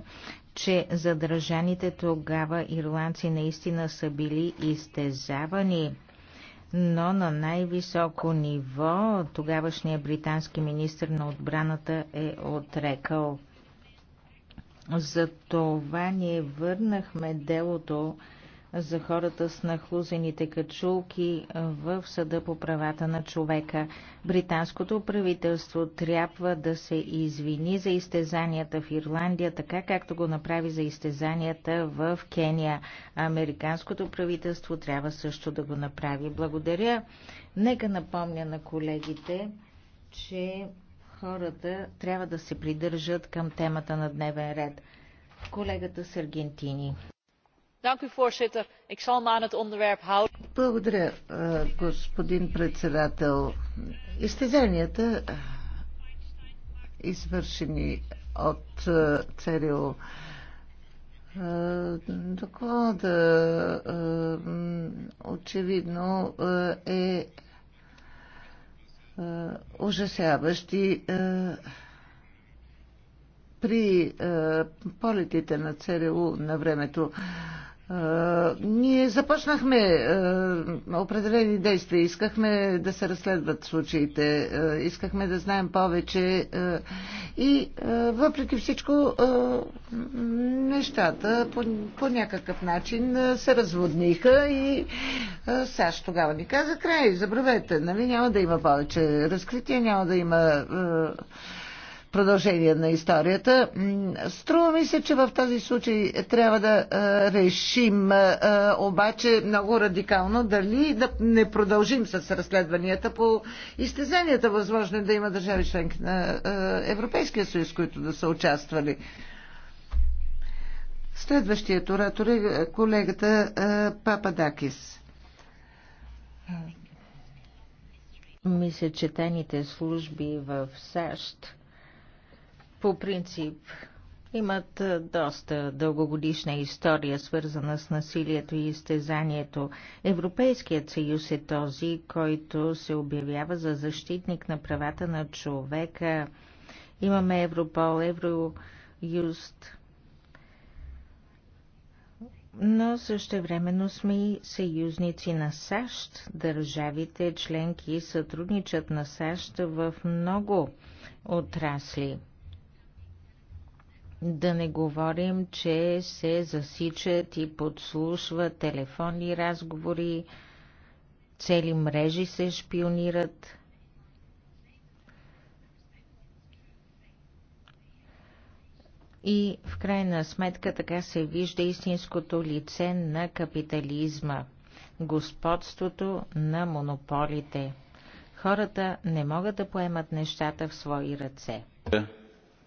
че задържаните тогава ирландци наистина са били изтезавани. Но на най-високо ниво тогавашният британски министр на отбраната е отрекал. За това ние върнахме делото за хората с нахлузените качулки в Съда по правата на човека. Британското правителство трябва да се извини за изтезанията в Ирландия, така както го направи за изтезанията в Кения. Американското правителство трябва също да го направи. Благодаря. Нека напомня на колегите, че хората трябва да се придържат към темата на дневен ред. Колегата с Аргентини voorzitter ik zal me aan het onderwerp houden. Благодаря, господин председател. Изтезанията, извършени от ЦРУ, доклада очевидно е ужасяващи при полетите на ЦРУ на времето ние започнахме определени действия. Искахме да се разследват случаите, искахме да знаем повече и въпреки всичко нещата по, по някакъв начин се разводниха и САЩ тогава ни каза край, забравете, нали няма да има повече разкрития, няма да има продължение на историята. Струва ми се, че в този случай трябва да решим обаче много радикално дали да не продължим с разследванията по изтезанията. Възможно е да има държави членки на Европейския съюз, които да са участвали. Следващият оратор е колегата Папа Дакис. Мисля, че тайните служби в САЩ по принцип имат доста дългогодишна история, свързана с насилието и изтезанието. Европейският съюз е този, който се обявява за защитник на правата на човека. Имаме Европол, Евроюст, но също времено сме и съюзници на САЩ. Държавите членки сътрудничат на САЩ в много отрасли. Да не говорим, че се засичат и подслушват телефонни разговори, цели мрежи се шпионират. И в крайна сметка така се вижда истинското лице на капитализма – господството на монополите. Хората не могат да поемат нещата в свои ръце. Yeah.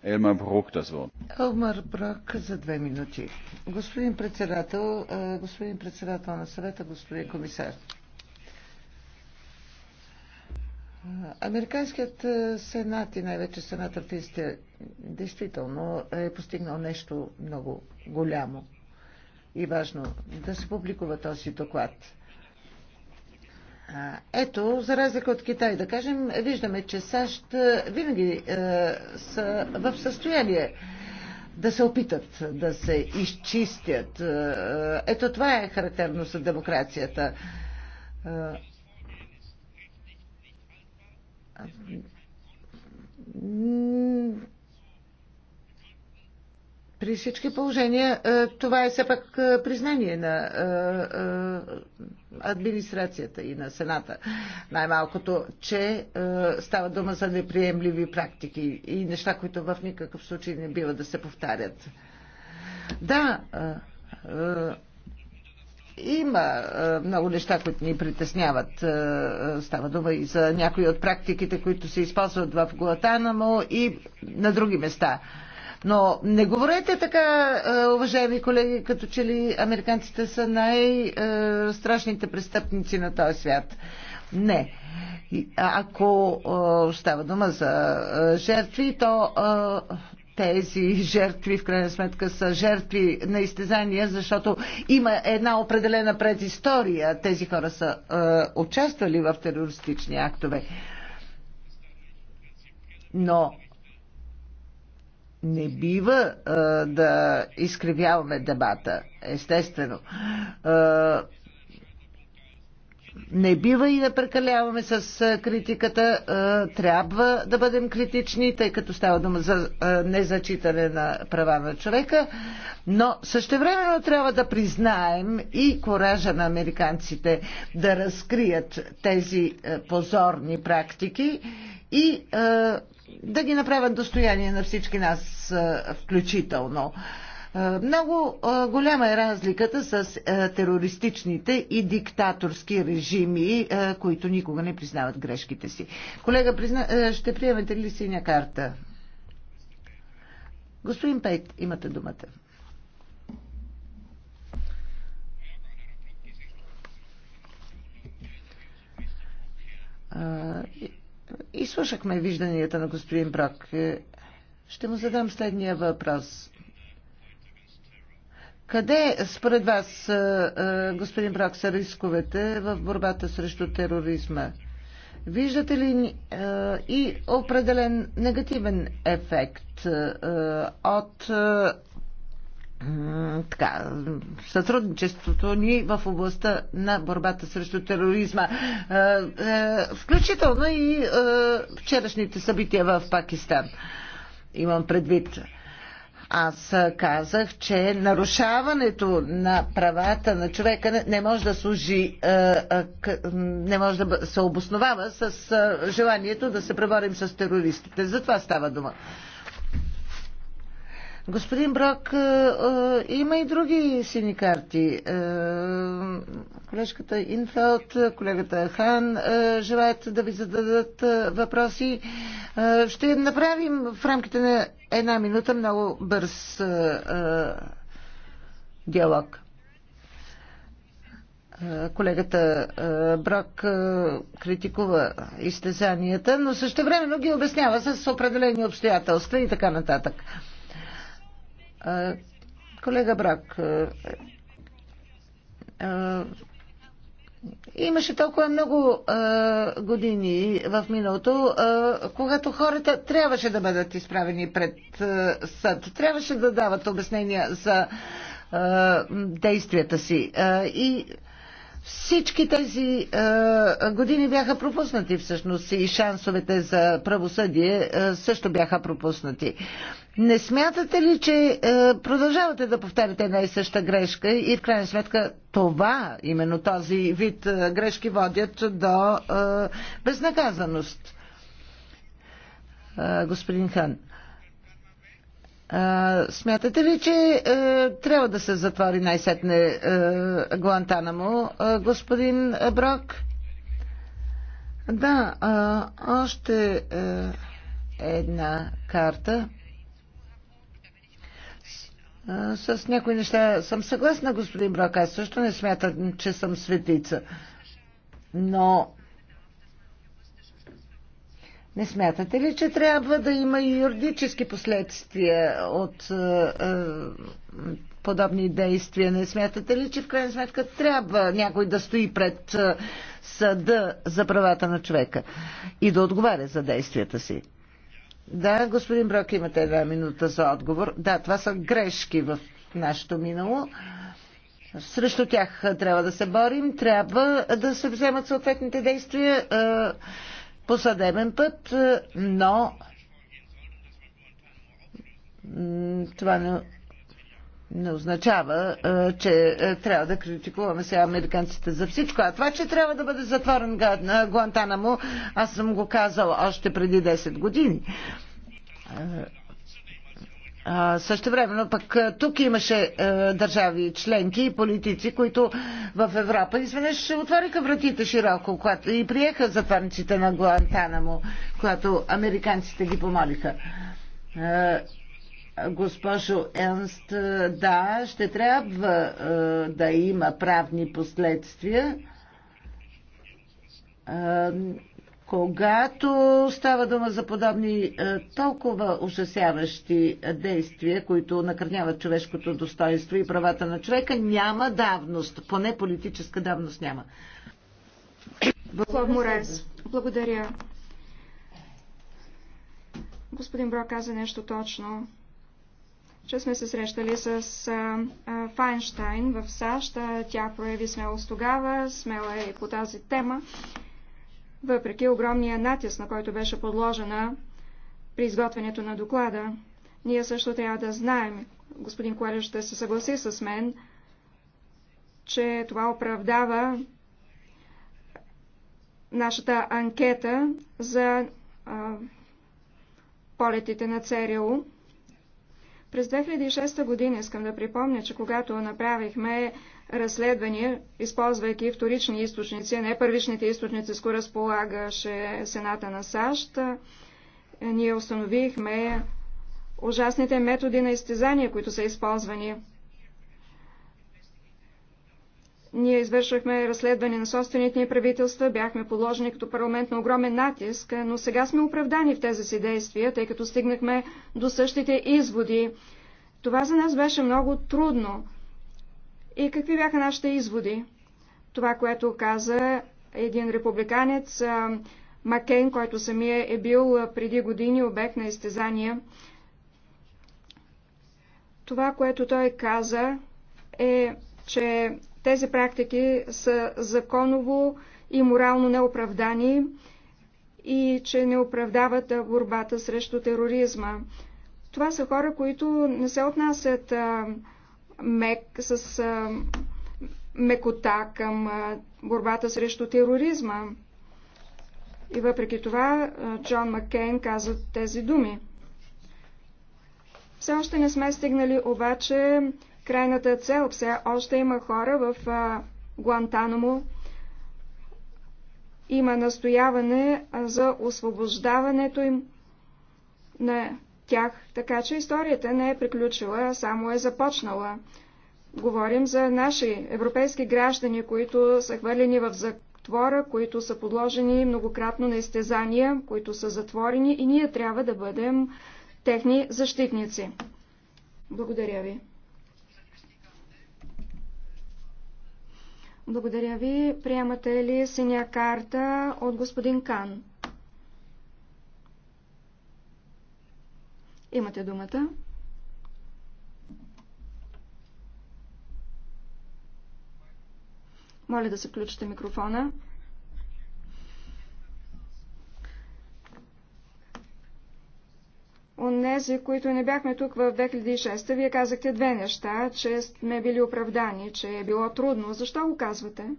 Елмар Брок да звон. Елмар Брук за две минути. Господин председател, е, господин председател на съвета, господин комисар. Американският е, сенат и най-вече сената в Истия действително е постигнал нещо много голямо и важно да се публикува този доклад. Ето, за разлика от Китай, да кажем, виждаме, че САЩ винаги е, са в състояние да се опитат да се изчистят. Ето това е характерно за демокрацията. При всички положения е, това е все пак е, признание на е, администрацията и на Сената, най-малкото, че става дума за неприемливи практики и неща, които в никакъв случай не бива да се повтарят. Да, има много неща, които ни притесняват. Става дума и за някои от практиките, които се използват в Гуатанамо и на други места. Но не говорете така, е, уважаеми колеги, като че ли американците са най-страшните престъпници на този свят. Не. Ако е, става дума за е, жертви, то тези жертви в крайна сметка са жертви на изтезания, защото има една определена предистория. Тези хора са участвали в терористични актове. Но не бива а, да изкривяваме дебата, естествено. А, не бива и да прекаляваме с критиката. А, трябва да бъдем критични, тъй като става дума за а, незачитане на права на човека. Но същевременно трябва да признаем и коража на американците да разкрият тези а, позорни практики и а, да ги направят достояние на всички нас а, включително. А, много а, голяма е разликата с а, терористичните и диктаторски режими, а, които никога не признават грешките си. Колега, призна... а, ще приемете ли синя карта? Господин Пейт, имате думата. А, Изслушахме вижданията на господин Брак. Е, ще му задам следния въпрос. Къде според вас, е, е, господин Брак, са рисковете в борбата срещу тероризма? Виждате ли и определен негативен ефект от така, сътрудничеството ни в областта на борбата срещу тероризма. Е, е, включително и е, вчерашните събития в Пакистан. Имам предвид. Аз казах, че нарушаването на правата на човека не може да служи, не може да се обосновава с желанието да се преборим с терористите. За това става дума. Господин Брок, е, е, има и други сини карти. Е, колежката Инфелд, колегата Хан желаят да ви зададат въпроси. Ще направим в рамките на една минута много бърз диалог. Колегата Брок критикува изтезанията, но също времено ги обяснява с определени обстоятелства и така нататък. Колега Брак, Имаше толкова много а, години в миналото, а, когато хората трябваше да бъдат изправени пред а, съд, трябваше да дават обяснения за а, действията си. А, и всички тези а, е, години бяха пропуснати всъщност и шансовете за правосъдие а, е, също бяха пропуснати. Не смятате ли, че а, е, продължавате да повтаряте една и съща грешка и в крайна сметка това, именно този вид а, грешки водят до а, безнаказаност? А, господин Хан. А, смятате ли, че е, трябва да се затвори най-сетне е, Гуантанамо, е, господин Брок? Да, а, още е, една карта. С, с някои неща съм съгласна, господин Брок. Аз също не смятам, че съм светица. Но не смятате ли, че трябва да има и юридически последствия от е, е, подобни действия? Не смятате ли, че в крайна сметка трябва някой да стои пред е, съда за правата на човека и да отговаря за действията си? Да, господин Брок, имате една минута за отговор. Да, това са грешки в нашето минало. Срещу тях трябва да се борим, трябва да се вземат съответните действия. Е, по съдебен път, е, но това не, не означава, е, че е, трябва да критикуваме сега американците за всичко. А това, че трябва да бъде затворен Гуантанамо, аз съм го казал още преди 10 години. Също времено пък тук имаше държави членки и политици, които в Европа изведнъж отвориха вратите широко когато, и приеха затворниците на Гуантанамо, когато американците ги помолиха. госпожо Енст, да, ще трябва да има правни последствия. Когато става дума за подобни е, толкова ужасяващи действия, които накърняват човешкото достоинство и правата на човека, няма давност. Поне политическа давност няма. Морес, благодаря. Господин Бро каза нещо точно че сме се срещали с а, а, Файнштайн в САЩ. Тя прояви смелост тогава, смела е и по тази тема. Въпреки огромния натиск, на който беше подложена при изготвянето на доклада, ние също трябва да знаем, господин Коелев ще се съгласи с мен, че това оправдава нашата анкета за а, полетите на ЦРУ. През 2006 година искам да припомня, че когато направихме разследвания, използвайки вторични източници, не първичните източници, с които разполагаше Сената на САЩ, ние установихме ужасните методи на изтезания, които са използвани. Ние извършвахме разследване на собствените ни правителства, бяхме подложени като парламент на огромен натиск, но сега сме оправдани в тези си действия, тъй като стигнахме до същите изводи. Това за нас беше много трудно. И какви бяха нашите изводи? Това, което каза един републиканец Маккейн, който самия е бил преди години обект на изтезания. Това, което той каза, е, че тези практики са законово и морално неоправдани и че не оправдават борбата срещу тероризма. Това са хора, които не се отнасят мек, с а, мекота към а, борбата срещу тероризма. И въпреки това а, Джон Маккейн каза тези думи. Все още не сме стигнали обаче крайната цел. Все още има хора в а, Гуантанамо. Има настояване за освобождаването им на тях, така че историята не е приключила, а само е започнала. Говорим за наши европейски граждани, които са хвърлени в затвора, които са подложени многократно на изтезания, които са затворени и ние трябва да бъдем техни защитници. Благодаря ви. Благодаря ви. Приемате ли синя карта от господин Кан? Имате думата. Моля да се включите микрофона. Онези, които не бяхме тук в 2006, вие казахте две неща, че сме били оправдани, че е било трудно. Защо го казвате?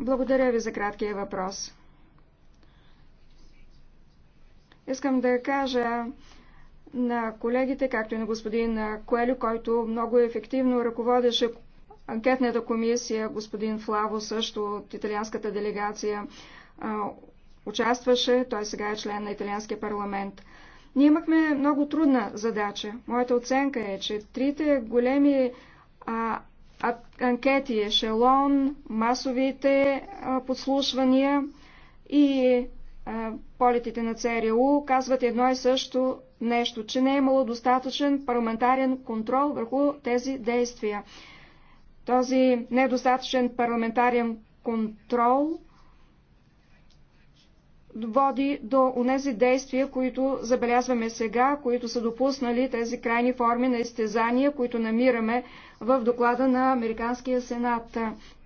Благодаря ви за краткия въпрос. Искам да кажа на колегите, както и на господин Коелю, който много ефективно ръководеше анкетната комисия, господин Флаво също от италианската делегация участваше, той сега е член на италианския парламент. Ние имахме много трудна задача. Моята оценка е, че трите големи а, а, анкети, ешелон, масовите а, подслушвания и полетите на ЦРУ казват едно и също нещо, че не е имало достатъчен парламентарен контрол върху тези действия. Този недостатъчен парламентарен контрол води до онези действия, които забелязваме сега, които са допуснали тези крайни форми на изтезания, които намираме в доклада на Американския сенат.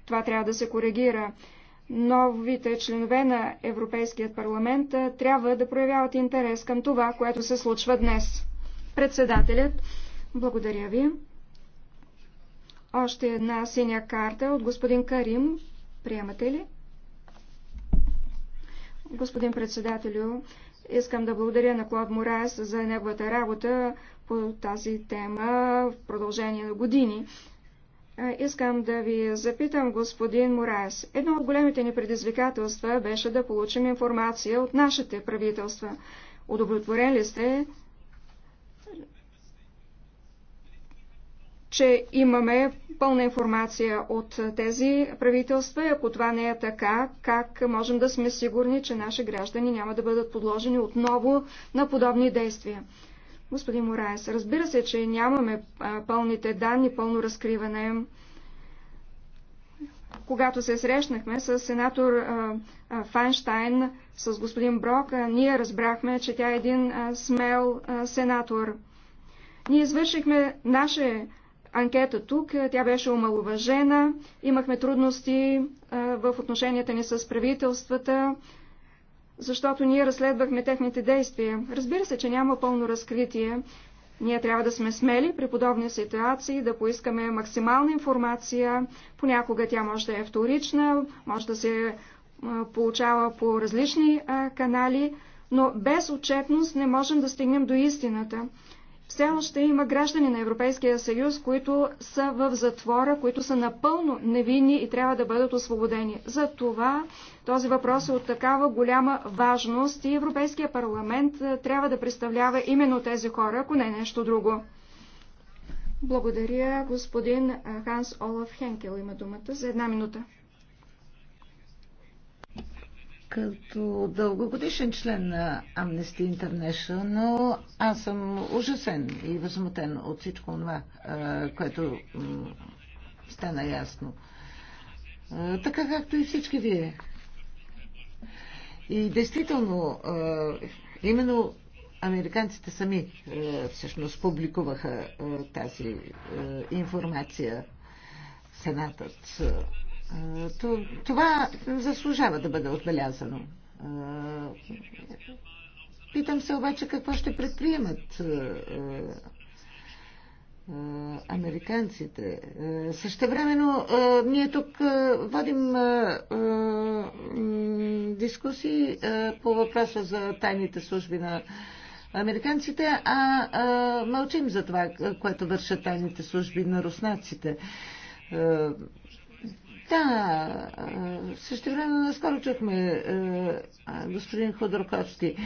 Това трябва да се коригира новите членове на Европейският парламент трябва да проявяват интерес към това, което се случва днес. Председателят, благодаря ви. Още една синя карта от господин Карим. Приемате ли? Господин председателю, искам да благодаря на Клод Мораес за неговата работа по тази тема в продължение на години. Искам да ви запитам, господин Морайс. Едно от големите ни предизвикателства беше да получим информация от нашите правителства. Удовлетворен ли сте, че имаме пълна информация от тези правителства и ако това не е така, как можем да сме сигурни, че наши граждани няма да бъдат подложени отново на подобни действия? Господин Мораес, разбира се, че нямаме пълните данни, пълно разкриване. Когато се срещнахме с сенатор Файнштайн, с господин Брок, ние разбрахме, че тя е един смел сенатор. Ние извършихме наша анкета тук, тя беше омалуважена, имахме трудности в отношенията ни с правителствата, защото ние разследвахме техните действия. Разбира се, че няма пълно разкритие. Ние трябва да сме смели при подобни ситуации, да поискаме максимална информация. Понякога тя може да е вторична, може да се получава по различни канали, но без отчетност не можем да стигнем до истината все още има граждани на Европейския съюз, които са в затвора, които са напълно невинни и трябва да бъдат освободени. За това този въпрос е от такава голяма важност и Европейския парламент е, трябва да представлява именно тези хора, ако не е нещо друго. Благодаря, господин е, Ханс Олаф Хенкел има думата за една минута. Като дългогодишен член на Amnesty International, аз съм ужасен и възмутен от всичко това, което стана ясно. Така както и всички вие. И действително, именно американците сами всъщност публикуваха тази информация. Сенатът това заслужава да бъде отбелязано. Питам се обаче какво ще предприемат американците. времено ние тук водим дискусии по въпроса за тайните служби на американците, а мълчим за това, което вършат тайните служби на руснаците. Да, също време наскоро чухме господин Ходорковски.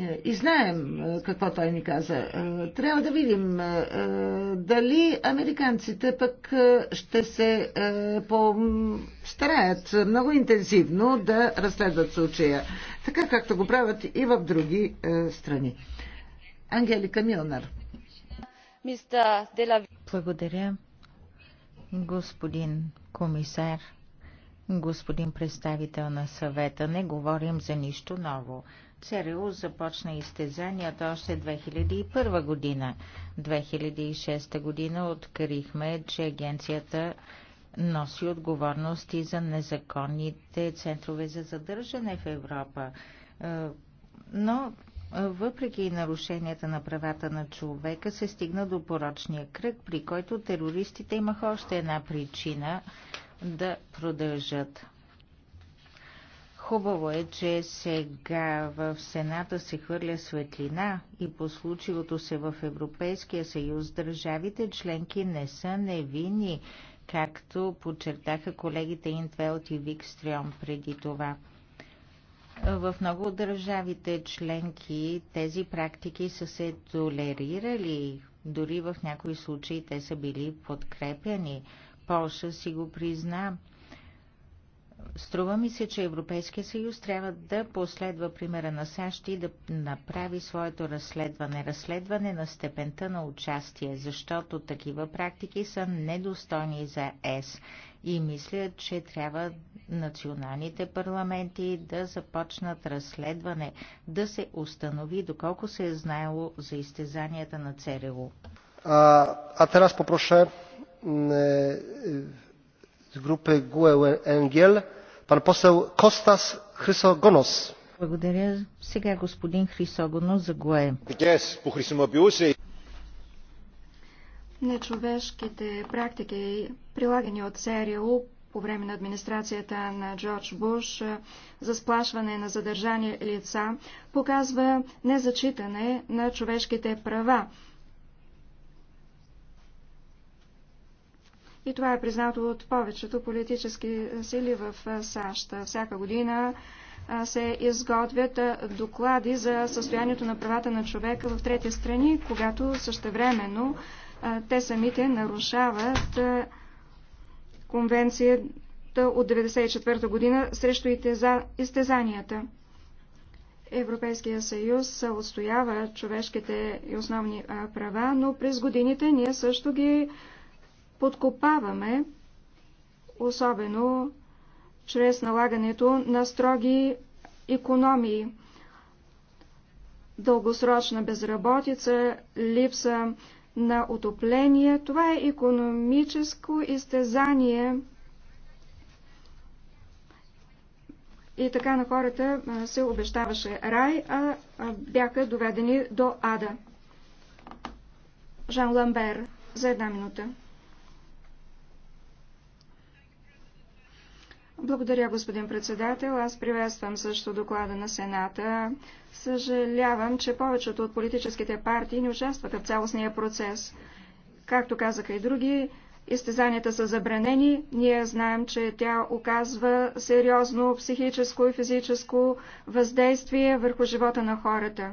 Е, и знаем е, какво той ни каза. Е, трябва да видим дали американците пък ще се постараят много интензивно да разследват случая, така както го правят и в други страни. Ангелика Милнар. Благодаря. Господин комисар, господин представител на съвета, не говорим за нищо ново. ЦРУ започна изтезанията още 2001 година. 2006 година открихме, че агенцията носи отговорности за незаконните центрове за задържане в Европа. Е, но въпреки нарушенията на правата на човека се стигна до порочния кръг, при който терористите имаха още една причина да продължат. Хубаво е, че сега в Сената се хвърля светлина и по случилото се в Европейския съюз държавите членки не са невинни, както подчертаха колегите Интвелт и Викстрион преди това. В много от държавите членки тези практики са се толерирали, дори в някои случаи те са били подкрепяни. Полша си го призна. Струва ми се, че Европейския съюз трябва да последва примера на САЩ и да направи своето разследване. Разследване на степента на участие, защото такива практики са недостойни за ЕС и мисля, че трябва националните парламенти да започнат разследване, да се установи доколко се е знаело за изтезанията на ЦРУ. А, а teraz poproszę с е, е, grupy GUE NGL пан посел Костас Хрисогонос. Благодаря. Сега господин Хрисогонос за e. Yes, нечовешките практики, прилагани от СРУ по време на администрацията на Джордж Буш за сплашване на задържани лица, показва незачитане на човешките права. И това е признато от повечето политически сили в САЩ. Всяка година се изготвят доклади за състоянието на правата на човека в трети страни, когато същевременно те самите нарушават конвенцията от 1994 година срещу изтезанията. Европейския съюз отстоява човешките и основни права, но през годините ние също ги подкопаваме, особено чрез налагането на строги економии, дългосрочна безработица, липса на отопление. Това е економическо изтезание. И така на хората се обещаваше рай, а бяха доведени до ада. Жан Ламбер за една минута. Благодаря, господин председател. Аз приветствам също доклада на Сената. Съжалявам, че повечето от политическите партии не участваха в цялостния процес. Както казаха и други, изтезанията са забранени. Ние знаем, че тя оказва сериозно психическо и физическо въздействие върху живота на хората.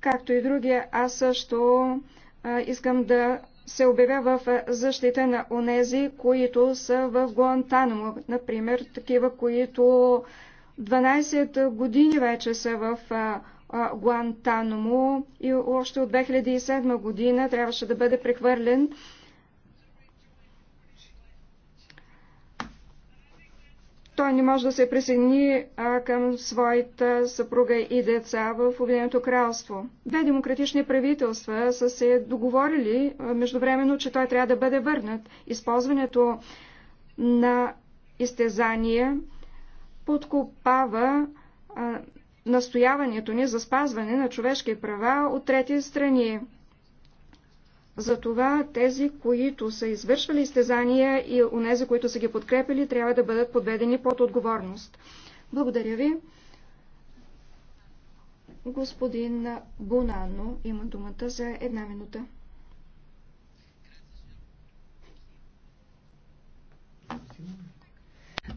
Както и други, аз също искам да се обявя в защита на онези, които са в Гуантанамо. Например, такива, които 12 години вече са в Гуантанамо и още от 2007 година трябваше да бъде прехвърлен той не може да се присъедини към своята съпруга и деца в Обединеното кралство. Две демократични правителства са се договорили междувременно, че той трябва да бъде върнат. Използването на изтезание подкопава настояването ни за спазване на човешки права от трети страни. Затова тези, които са извършвали изтезания и онези, които са ги подкрепили, трябва да бъдат подведени под отговорност. Благодаря ви. Господин Бонано има думата за една минута.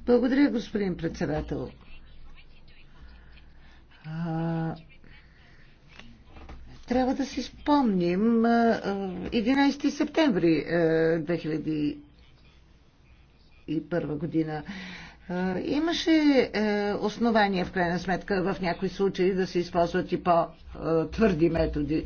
Благодаря, господин председател. Трябва да си спомним 11 септември 2001 година. Имаше е, основания, в крайна сметка, в някои случаи да се използват и по-твърди методи.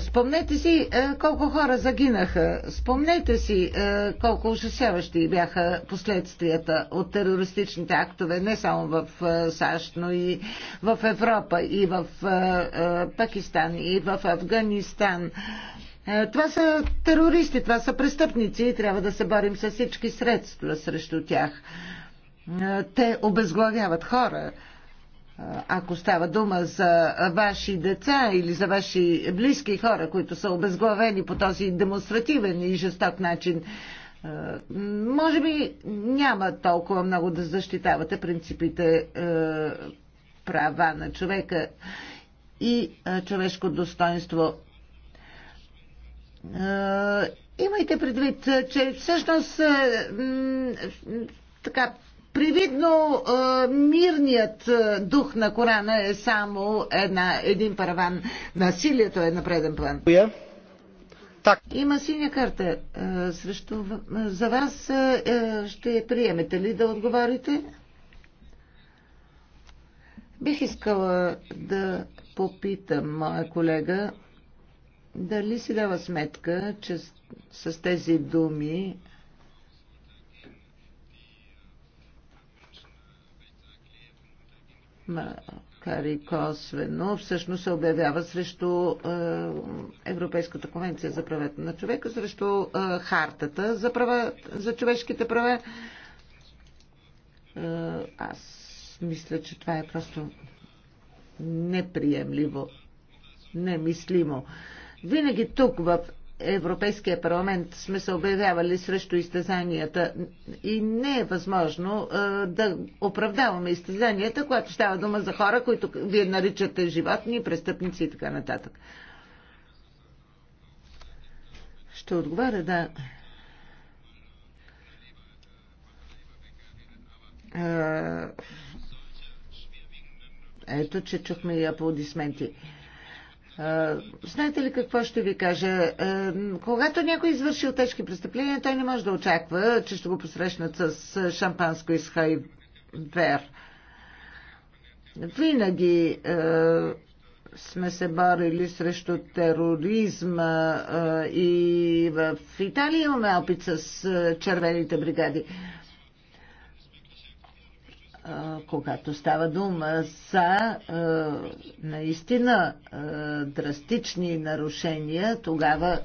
Спомнете си е, колко хора загинаха. Спомнете си е, колко ужасяващи бяха последствията от терористичните актове, не само в САЩ, но и в Европа, и в Пакистан, и в Афганистан. Това са терористи, това са престъпници и трябва да се борим с всички средства срещу тях. Е, те обезглавяват хора. Е, ако става дума за ваши деца или за ваши близки хора, които са обезглавени по този демонстративен и жесток начин, е, може би няма толкова много да защитавате принципите права на човека и човешко достоинство. Имайте предвид, че всъщност така Привидно мирният дух на Корана е само една, един параван. Насилието е на преден план. Е? Так. Има синя карта срещу за вас. ще я приемете ли да отговорите? Бих искала да попитам моя колега дали си дава сметка, че с тези думи макар и косвено, всъщност се обявява срещу е, Европейската конвенция за правата на човека, срещу е, хартата за, права, за човешките права. Е, аз мисля, че това е просто неприемливо, немислимо. Винаги тук в Европейския парламент сме се обявявали срещу изтезанията и не е възможно а, да оправдаваме изтезанията, когато става дума за хора, които вие наричате животни, престъпници и така нататък. Ще отговаря, да. А, ето, че чухме и аплодисменти. Знаете ли какво ще ви кажа? Когато някой извършил тежки престъпления, той не може да очаква, че ще го посрещнат с шампанско и с хайвер. Винаги сме се борили срещу тероризма и в Италия имаме опит с червените бригади когато става дума за наистина драстични нарушения, тогава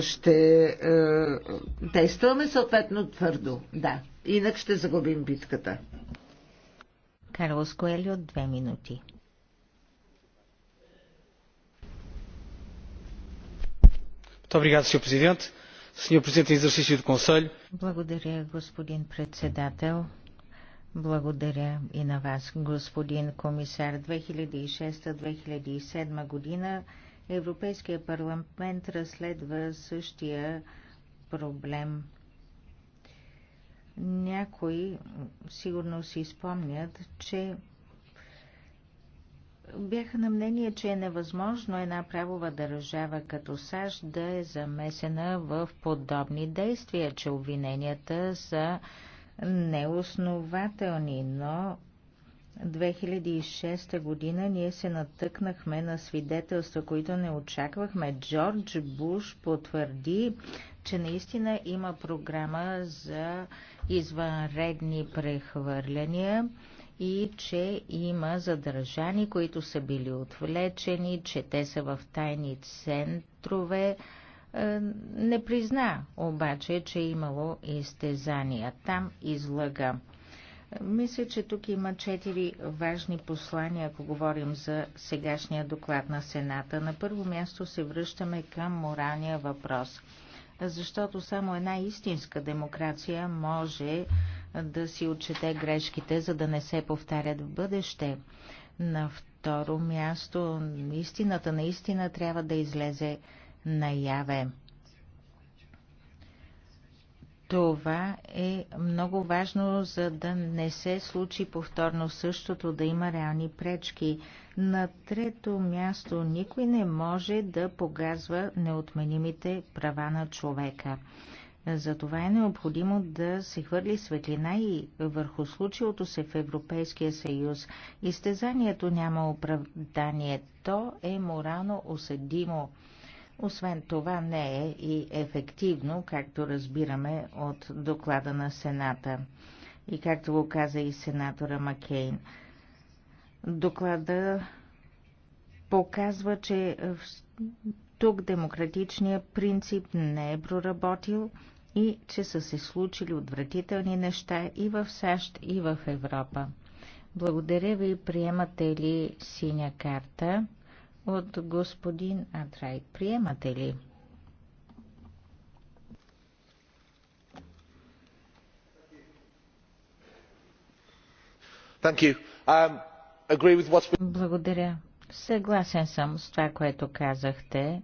ще действаме съответно твърдо. Да, инак ще загубим битката. Карлос от две минути. Muito obrigado, Sr. Senhor Presidente em exercício do Conselho. Благодаря, господин председател. Благодаря и на вас, господин комисар. 2006-2007 година Европейския парламент разследва същия проблем. Някои сигурно си спомнят, че бяха на мнение, че е невъзможно една правова държава като САЩ да е замесена в подобни действия, че обвиненията са неоснователни, но 2006 година ние се натъкнахме на свидетелства, които не очаквахме. Джордж Буш потвърди, че наистина има програма за извънредни прехвърляния и че има задържани, които са били отвлечени, че те са в тайни центрове. Е, не призна обаче, че е имало изтезания. Там излага. Мисля, че тук има четири важни послания, ако говорим за сегашния доклад на Сената. На първо място се връщаме към моралния въпрос – защото само една истинска демокрация може да си отчете грешките, за да не се повтарят в бъдеще. На второ място, истината наистина трябва да излезе наяве. Това е много важно, за да не се случи повторно същото, да има реални пречки. На трето място никой не може да погазва неотменимите права на човека. Затова е необходимо да се хвърли светлина и върху случилото се в Европейския съюз. Изтезанието няма оправдание. То е морално осъдимо. Освен това не е и ефективно, както разбираме от доклада на Сената и както го каза и сенатора Маккейн. Доклада показва, че тук демократичният принцип не е проработил и че са се случили отвратителни неща и в САЩ, и в Европа. Благодаря ви, приемате ли синя карта? от господин Адрай, Приемате ли? Um, Благодаря. Съгласен съм с това, което казахте.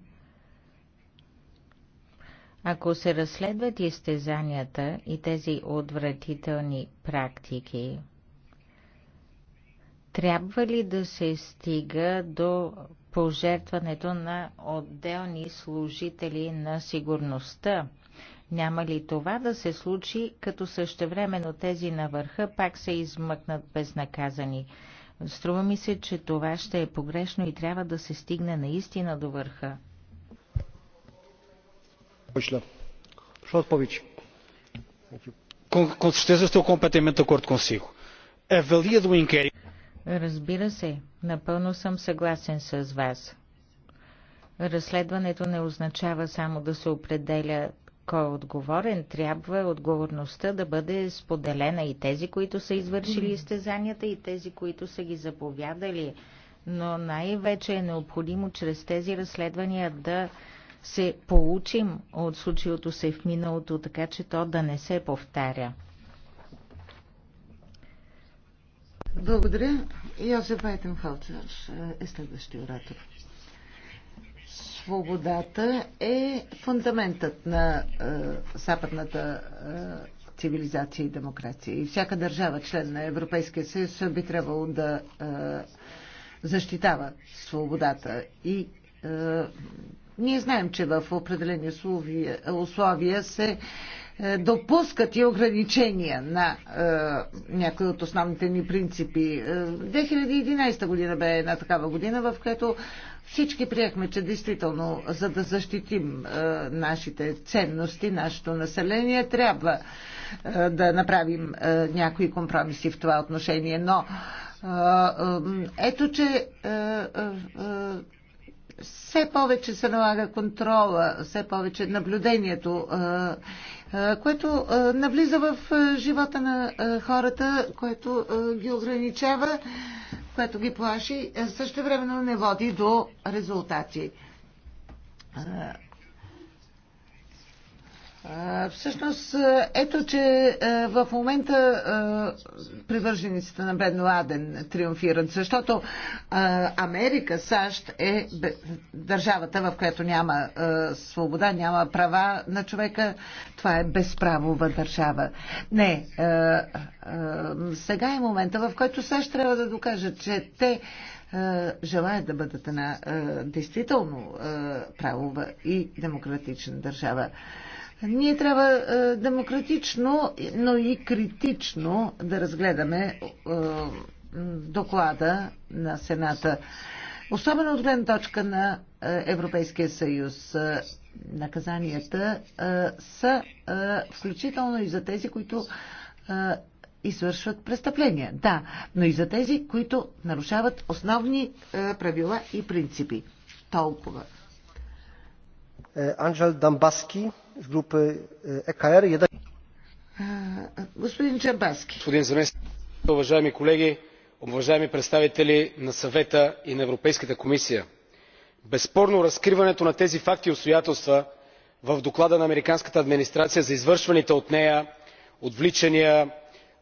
Ако се разследват изтезанията и тези отвратителни практики, трябва ли да се стига до пожертването на отделни служители на сигурността. Няма ли това да се случи, като същевременно тези на върха пак се измъкнат безнаказани? Струва ми се, че това ще е погрешно и трябва да се стигне наистина до върха. Com certeza estou completamente de acordo consigo. Avalia do inquérito. Разбира се, напълно съм съгласен с вас. Разследването не означава само да се определя кой е отговорен, трябва отговорността да бъде споделена и тези, които са извършили изтезанията, и тези, които са ги заповядали. Но най-вече е необходимо чрез тези разследвания да се получим от случилото се в миналото, така че то да не се повтаря. Благодаря. Йозеф Айтенхалцер е следващия оратор. Свободата е фундаментът на е, западната е, цивилизация и демокрация. И всяка държава, член на Европейския съюз, би трябвало да е, защитава свободата. И е, ние знаем, че в определени условия, условия се е, е, допускат и ограничения на е, някои от основните ни принципи. 2011 е, година бе една такава година, в която всички приехме, че действително, за да защитим е, нашите ценности, нашето население, трябва е, да направим е, някои компромиси в това отношение. Но е, е ето, че. Е, е, все повече се налага контрола, все повече наблюдението. Е, което навлиза в живота на хората, което ги ограничава, което ги плаши, също времено не води до резултати. Всъщност, ето, че в момента привържениците на Бен Ладен триумфират, защото Америка, САЩ е държавата, в която няма свобода, няма права на човека. Това е безправова държава. Не, сега е момента, в който САЩ трябва да докажат, че те желаят да бъдат една действително правова и демократична държава. Ние трябва е, демократично, но и критично да разгледаме е, доклада на Сената. Особено от гледна точка на е, Европейския съюз. Наказанията са включително и за тези, които извършват престъпления. Да, но и за тези, които нарушават основни правила и принципи. Толкова. Анжел Дамбаски групи ЕКР. E, e господин Чербаски. Господин заместник, уважаеми колеги, уважаеми представители на съвета и на Европейската комисия. Безспорно разкриването на тези факти и обстоятелства в доклада на американската администрация за извършваните от нея отвличания,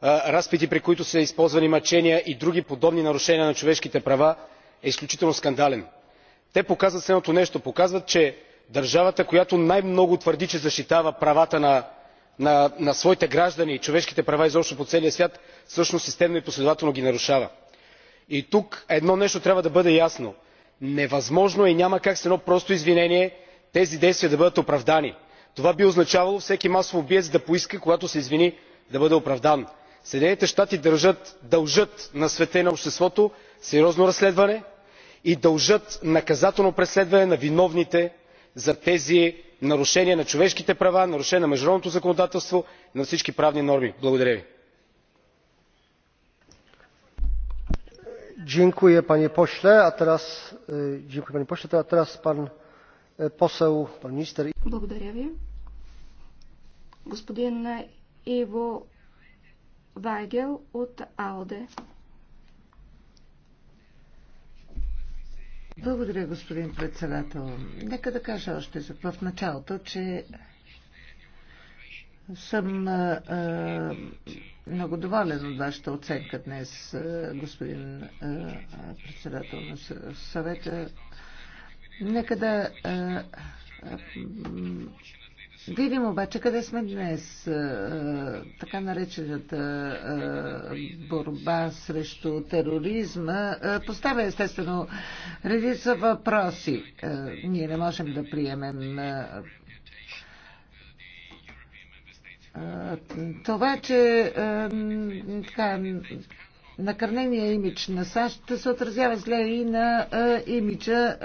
разпити, при които са използвани мъчения и други подобни нарушения на човешките права е изключително скандален. Те показват следното нещо показват че държавата която най много твърди че защитава правата на своите граждани и човешките права изобщо по целия свят всъщност системно и последователно ги нарушава. и тук едно нещо трябва да бъде ясно невъзможно е и няма как с едно просто извинение тези действия да бъдат оправдани. това би означавало всеки масов убиец да поиска когато се извини да бъде оправдан. съединените щати дължат на света и на обществото сериозно разследване и дължат наказателно преследване на виновните за тези нарушения на човешките права нарушения на международното законодателство на всички правни норми. благодаря ви. Господин Иво Вайгел от АЛДЕ. Благодаря, господин председател. Нека да кажа още в началото, че съм а, а, много доволен от вашата оценка днес, господин а, председател на съвета. Нека да а, а, да видим обаче къде сме днес. Е, е, така наречената е, борба срещу тероризма поставя естествено редица въпроси. Ние не можем да приемем това, че така, накърнения имидж на САЩ се отразява зле и на имиджа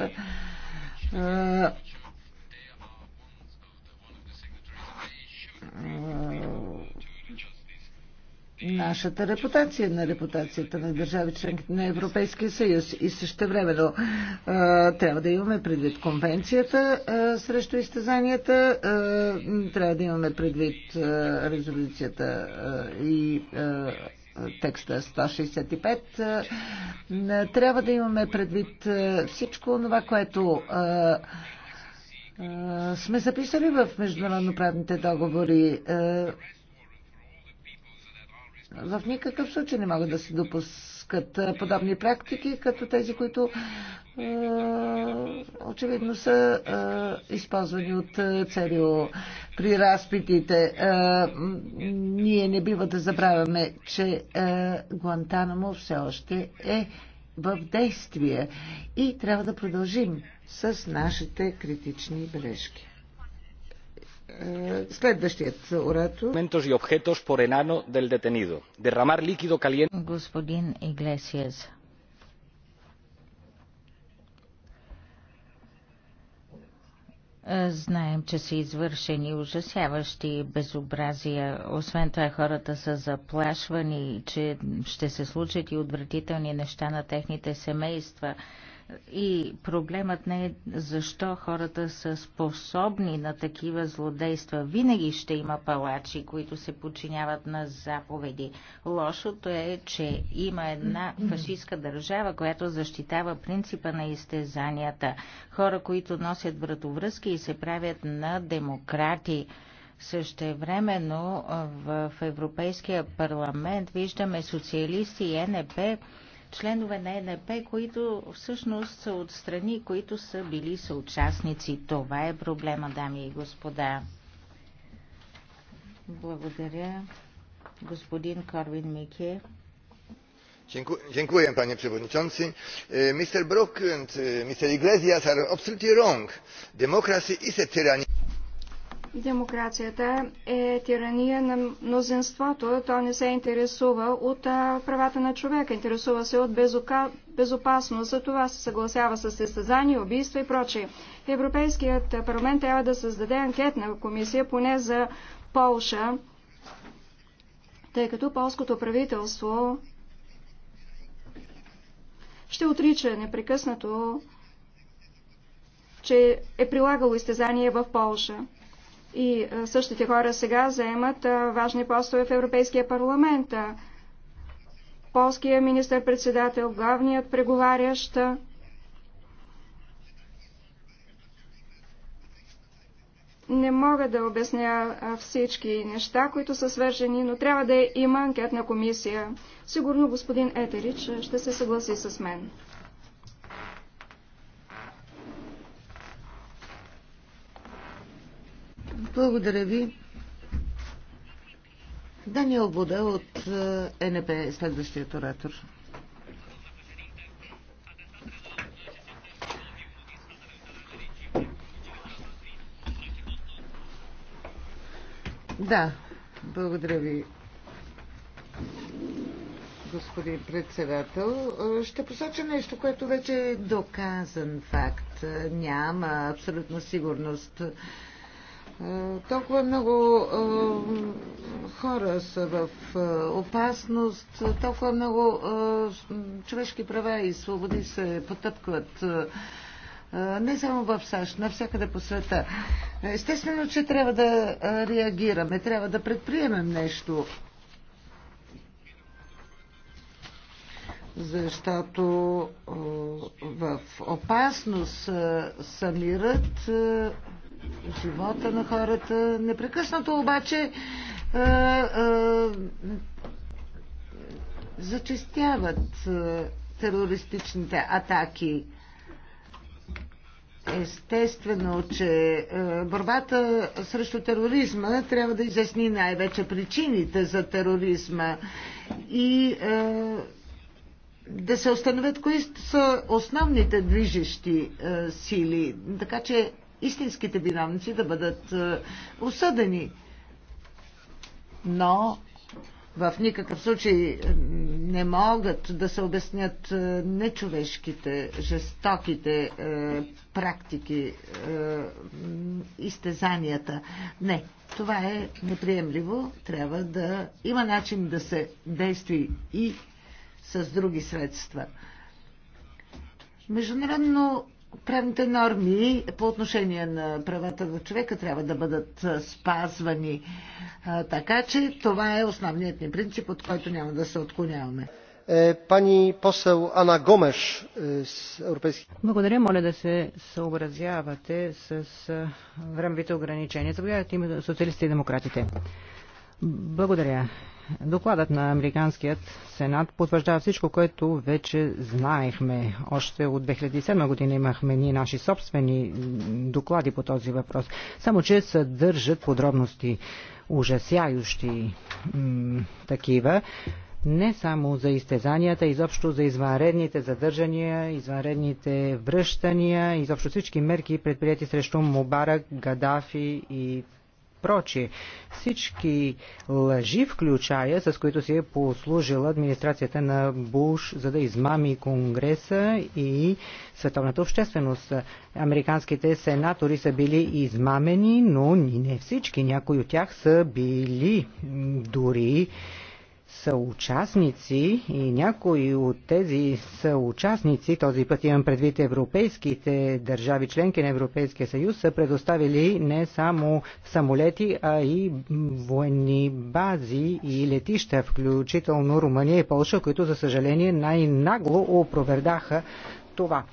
нашата репутация, на репутацията на държави членки на Европейския съюз и също времено трябва да имаме предвид конвенцията а, срещу изтезанията, а, трябва да имаме предвид а, резолюцията а, и а, текста 165. А, трябва да имаме предвид а, всичко това, което а, сме записали в международноправните договори. В никакъв случай не могат да се допускат подобни практики, като тези, които очевидно са използвани от ЦРУ при разпитите. ние не бива да забравяме, че Гуантанамо все още е в действие и трябва да продължим с нашите критични бележки. Е, следващият оратор. и обхетос по ренано дел детенидо. Дерамар ликидо калиен... Господин Иглесиес. Е, знаем, че са извършени ужасяващи безобразия. Освен това, хората са заплашвани, че ще се случат и отвратителни неща на техните семейства. И проблемът не е защо хората са способни на такива злодейства. Винаги ще има палачи, които се подчиняват на заповеди. Лошото е, че има една фашистска държава, която защитава принципа на изтезанията. Хора, които носят вратовръзки и се правят на демократи. Същевременно в Европейския парламент виждаме социалисти и НП, членове на ЕНП, които всъщност са от страни, които са били съучастници. Това е проблема, дами и господа. Благодаря. Господин Корвин Мике. Dziękuję, panie przewodniczący. E, Mr. Brok and e, Mr. Iglesias are absolutely wrong. Democracy is a tyranny демокрацията е тирания на мнозинството. То не се интересува от правата на човека, интересува се от безопасност. За това се съгласява с състезания, убийства и прочие. Европейският парламент трябва да създаде анкетна комисия, поне за Полша, тъй като полското правителство ще отрича непрекъснато че е прилагало изтезание в Полша. И същите хора сега заемат важни постове в Европейския парламент. Полския министър-председател, главният преговарящ. Не мога да обясня всички неща, които са свържени, но трябва да има анкетна комисия. Сигурно господин Етерич ще се съгласи с мен. Благодаря ви. Даниел Буда от е, НП е следващият оратор. Да, благодаря ви, господин председател. Ще посоча нещо, което вече е доказан факт. Няма абсолютна сигурност е, толкова много е, хора са в е, опасност, толкова много човешки права и свободи се потъпкват не само в САЩ, навсякъде по света. Естествено, че трябва да реагираме, трябва да предприемем нещо. Защото в опасност са мирът, живота на хората. Непрекъснато обаче а, е, а, е, зачестяват а, е, терористичните атаки. Естествено, че борбата срещу тероризма трябва да изясни най-вече причините за тероризма и да се установят кои са основните движещи сили. Така че истинските виновници да бъдат е, осъдени. Но в никакъв случай е, не могат да се обяснят е, нечовешките, жестоките е, практики, е, изтезанията. Не, това е неприемливо. Трябва да има начин да се действи и с други средства. Международно правните норми по отношение на правата на човека трябва да бъдат спазвани. Така че това е основният ни принцип, от който няма да се отклоняваме. Е, пани посел Ана Гомеш е, с Европейски. Благодаря, моля да се съобразявате с времевите ограничения. Заповядайте има социалистите и демократите. Благодаря. Докладът на Американският сенат потвърждава всичко, което вече знаехме. Още от 2007 година имахме ние наши собствени доклади по този въпрос. Само, че съдържат подробности ужасяющи такива, не само за изтезанията, изобщо за извънредните задържания, извънредните връщания, изобщо всички мерки предприяти срещу Мубарак, Гадафи и прочие. Всички лъжи включая, с които си е послужила администрацията на Буш, за да измами Конгреса и световната общественост. Американските сенатори са били измамени, но не всички. Някои от тях са били дори съучастници и някои от тези съучастници, този път имам предвид европейските държави, членки на Европейския съюз, са предоставили не само самолети, а и военни бази и летища, включително Румъния и Полша, които за съжаление най-нагло опровердаха това.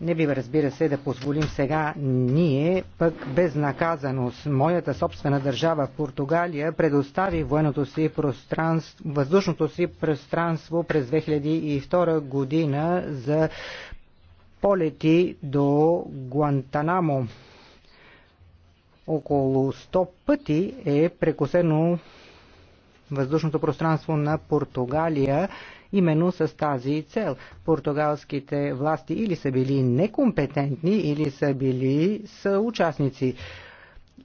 Не бива, разбира се, да позволим сега ние, пък наказаност Моята собствена държава, Португалия, предостави военното си пространство, въздушното си пространство през 2002 година за полети до Гуантанамо. Около 100 пъти е прекосено въздушното пространство на Португалия именно с тази цел. Португалските власти или са били некомпетентни, или са били съучастници.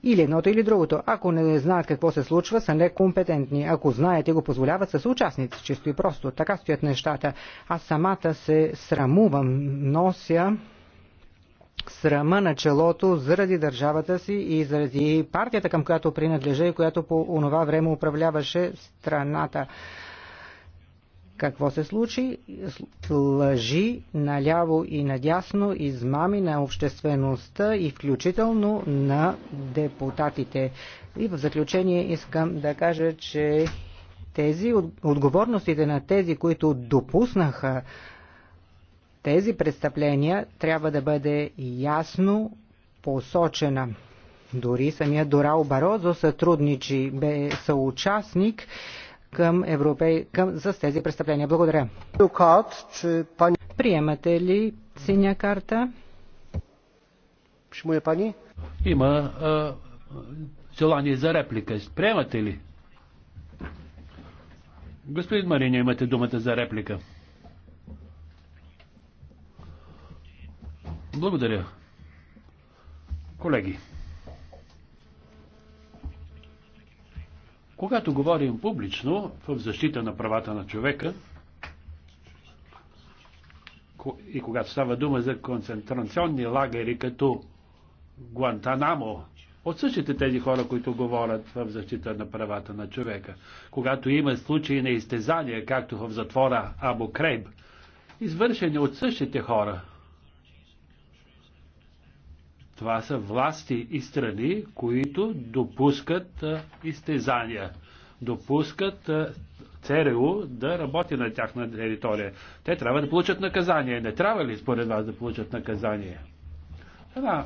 Или едното, или другото. Ако не знаят какво се случва, са некомпетентни. Ако знаете, го позволяват са съучастници, чисто и просто. Така стоят нещата. Аз самата се срамувам, нося срама на челото заради държавата си и заради партията, към която принадлежа и която по онова време управляваше страната. Какво се случи? Лъжи наляво и надясно, измами на обществеността и включително на депутатите. И в заключение искам да кажа, че тези отговорностите на тези, които допуснаха тези престъпления, трябва да бъде ясно посочена. Дори самия Дорал Барозо сътрудничи, бе съучастник към, европей... към... за тези престъпления. Благодаря. Приемате ли синя карта? пани? Има а, желание за реплика. Приемате ли? Господин Мариня, имате думата за реплика. Благодаря. Колеги, Когато говорим публично в защита на правата на човека и когато става дума за концентрационни лагери като Гуантанамо, от същите тези хора, които говорят в защита на правата на човека, когато има случаи на изтезания, както в затвора Абу Крейб, извършени от същите хора, това са власти и страни, които допускат изтезания, допускат ЦРУ да работи на тяхна територия. Те трябва да получат наказание. Не трябва ли според вас да получат наказание? Една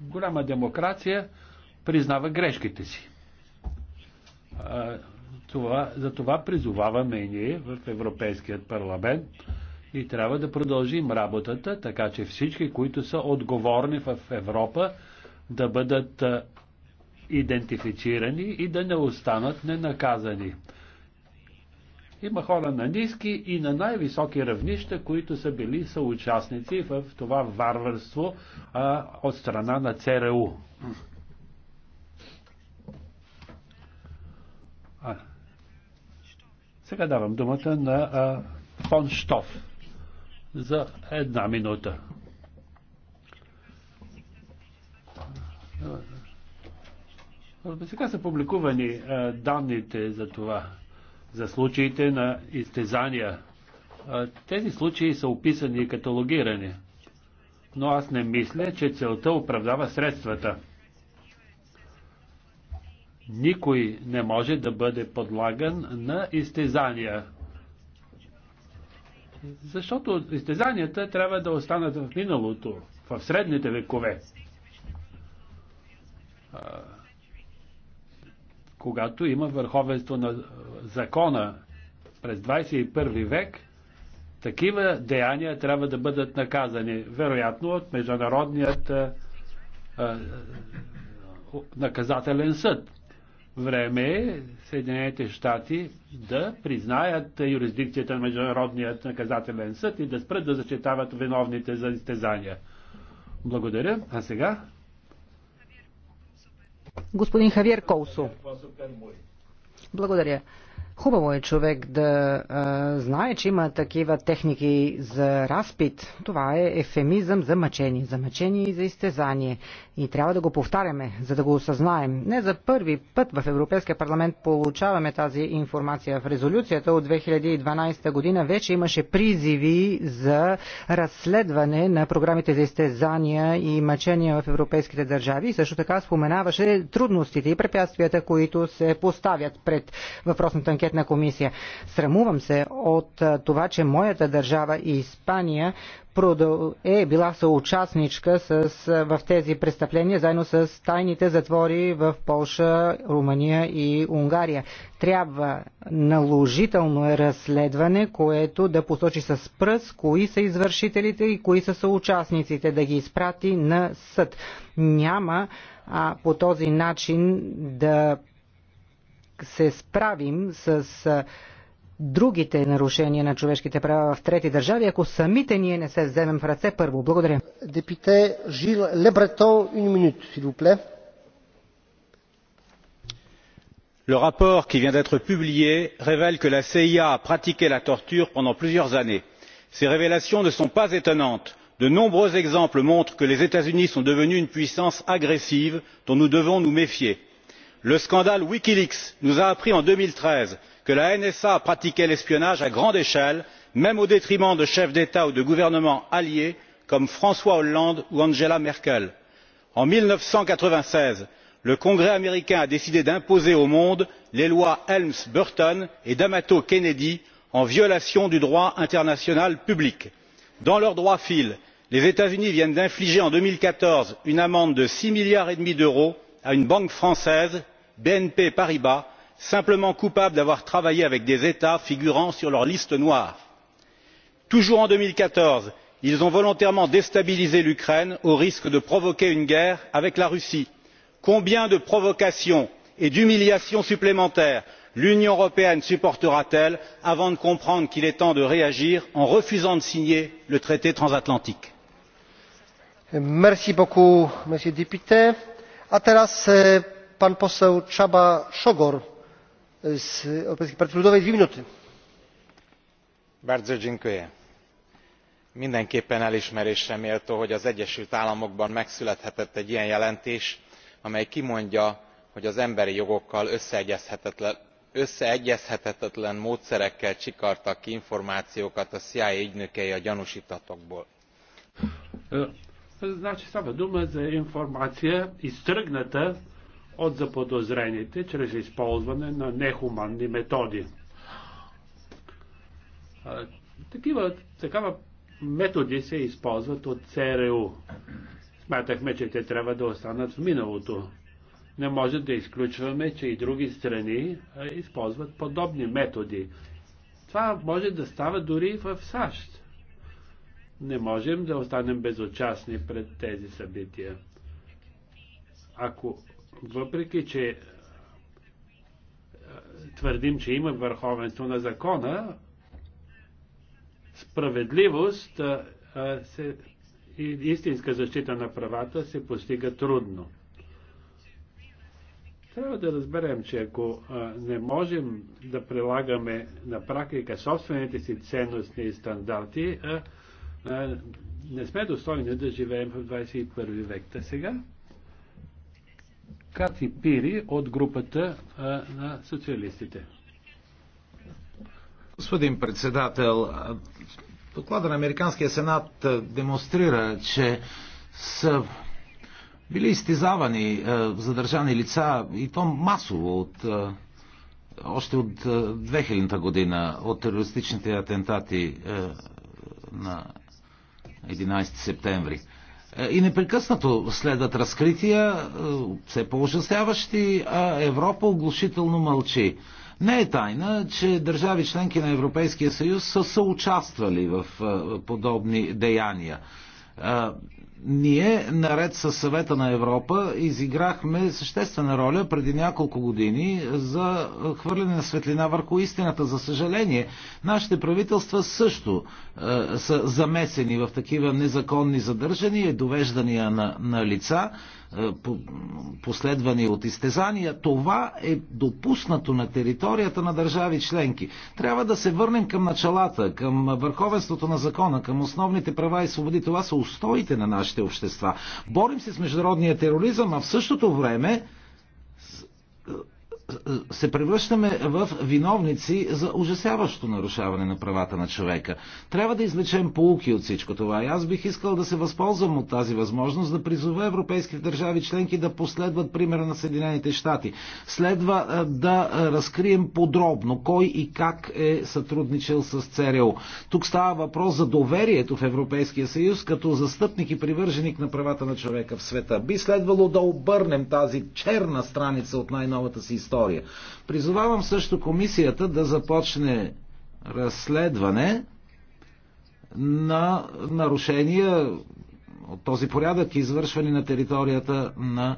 голяма демокрация признава грешките си. Това, за това призоваваме и ние в Европейският парламент и трябва да продължим работата, така че всички, които са отговорни в Европа, да бъдат идентифицирани и да не останат ненаказани. Има хора на ниски и на най-високи равнища, които са били съучастници в това варварство а, от страна на ЦРУ. А. Сега давам думата на а, Фон Штоф за една минута. Сега са публикувани е, данните за това, за случаите на изтезания. Е, тези случаи са описани и каталогирани, но аз не мисля, че целта оправдава средствата. Никой не може да бъде подлаган на изтезания защото изтезанията трябва да останат в миналото, в средните векове. А, когато има върховенство на закона през 21 век, такива деяния трябва да бъдат наказани, вероятно от Международният а, а, наказателен съд. Време е Съединените щати да признаят юрисдикцията на Международният наказателен съд и да спрат да защитават виновните за изтезания. Благодаря. А сега? Господин Хавиер Колсо. Благодаря. Хубаво е човек да а, знае, че има такива техники за разпит. Това е ефемизъм за мъчение, за мъчение и за изтезание. И трябва да го повтаряме, за да го осъзнаем. Не за първи път в Европейския парламент получаваме тази информация. В резолюцията от 2012 година вече имаше призиви за разследване на програмите за изтезания и мъчения в европейските държави. И също така споменаваше трудностите и препятствията, които се поставят пред въпросната анкета анкетна комисия. Срамувам се от това, че моята държава и Испания е била съучастничка с, в тези престъпления, заедно с тайните затвори в Полша, Румъния и Унгария. Трябва наложително е разследване, което да посочи с пръст кои са извършителите и кои са съучастниците, да ги изпрати на съд. Няма а, по този начин да се справим с другите нарушения на човешките права в трети държави, ако самите ние не се вземем в ръце първо. Благодаря. Депите Жил Лебретон, 1 минута, s'il Le rapport qui vient d'être publié révèle que la CIA a pratiqué la torture pendant plusieurs années. Ces révélations ne sont pas étonnantes. De nombreux exemples montrent que les États-Unis sont devenus une puissance agressive dont nous devons nous méfier le scandale wikileaks nous a appris en deux mille treize que la nsa pratiquait l'espionnage à grande échelle même au détriment de chefs d'état ou de gouvernement alliés comme françois hollande ou angela merkel. en mille neuf cent quatre vingt seize le congrès américain a décidé d'imposer au monde les lois helms burton et d'amato kennedy en violation du droit international public. dans leur droit fil les états unis viennent d'infliger en deux mille quatorze une amende de six milliards et demi d'euros à une banque française bnp paribas simplement coupable d'avoir travaillé avec des états figurant sur leur liste noire. toujours en deux mille quatorze ils ont volontairement déstabilisé l'ukraine au risque de provoquer une guerre avec la russie. combien de provocations et d'humiliations supplémentaires l'union européenne supportera t elle avant de comprendre qu'il est temps de réagir en refusant de signer le traité transatlantique? pan poseł csaba sogor z europejskiej partii ludowej dwie minuty. mindenképpen elismerésre méltó hogy az egyesült államokban megszülethetett egy ilyen jelentés amely kimondja hogy az emberi jogokkal összeegyeztethetetlen módszerekkel csikartak ki információkat a cia ügynökei a gyanústottakból. Значи става дума за информация, изтръгната от заподозрените чрез използване на нехуманни методи. Такива, такава методи се използват от ЦРУ. Смятахме, че те трябва да останат в миналото. Не може да изключваме, че и други страни използват подобни методи. Това може да става дори в САЩ. Не можем да останем безучастни пред тези събития. Ако въпреки, че е, твърдим, че има върховенство на закона, справедливост е, е, се, и истинска защита на правата се постига трудно. Трябва да разберем, че ако не можем да прилагаме на практика собствените си ценностни стандарти, не сме достойни да живеем в 21 век. Та сега Кати Пири от групата а, на социалистите. Господин председател, доклада на Американския сенат демонстрира, че са били изтезавани задържани лица и то масово от още от 2000 година от терористичните атентати на 11 септември. И непрекъснато следват разкрития, е, все по-ужасяващи, а Европа оглушително мълчи. Не е тайна, че държави членки на Европейския съюз са съучаствали в е, подобни деяния ние, наред с съвета на Европа, изиграхме съществена роля преди няколко години за хвърляне на светлина върху истината. За съжаление, нашите правителства също е, са замесени в такива незаконни задържания, довеждания на, на лица, е, последвани от изтезания, това е допуснато на територията на държави членки. Трябва да се върнем към началата, към върховенството на закона, към основните права и свободи. Това са устоите на нашите общества. Борим се с международния тероризъм, а в същото време се превръщаме в виновници за ужасяващо нарушаване на правата на човека. Трябва да извлечем полуки от всичко това. И аз бих искал да се възползвам от тази възможност да призове европейските държави членки да последват примера на Съединените щати. Следва да разкрием подробно кой и как е сътрудничал с ЦРУ. Тук става въпрос за доверието в Европейския съюз като застъпник и привърженик на правата на човека в света. Би следвало да обърнем тази черна страница от най-новата си история история. Призовавам също комисията да започне разследване на нарушения от този порядък, извършвани на територията на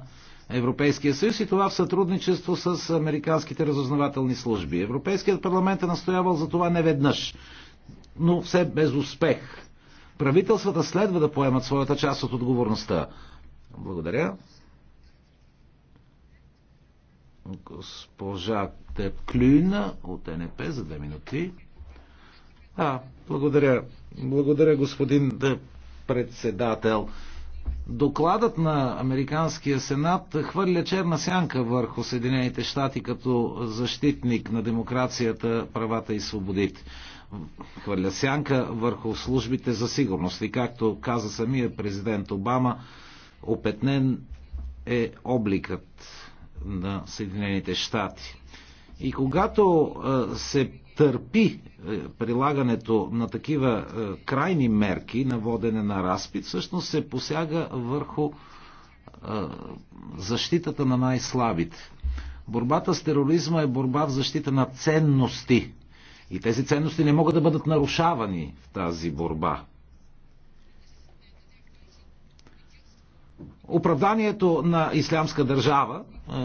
Европейския съюз и това в сътрудничество с американските разузнавателни служби. Европейският парламент е настоявал за това не веднъж, но все без успех. Правителствата следва да поемат своята част от отговорността. Благодаря госпожа Теплюйна от НП за две минути. А, благодаря. Благодаря, господин председател. Докладът на Американския сенат хвърля черна сянка върху Съединените щати като защитник на демокрацията, правата и свободите. Хвърля сянка върху службите за сигурност и както каза самия президент Обама, опетнен е обликът на Съединените щати. И когато се търпи е, прилагането на такива е, крайни мерки на водене на разпит, всъщност се посяга върху е, защитата на най-слабите. Борбата с тероризма е борба в защита на ценности. И тези ценности не могат да бъдат нарушавани в тази борба. Оправданието на Ислямска държава,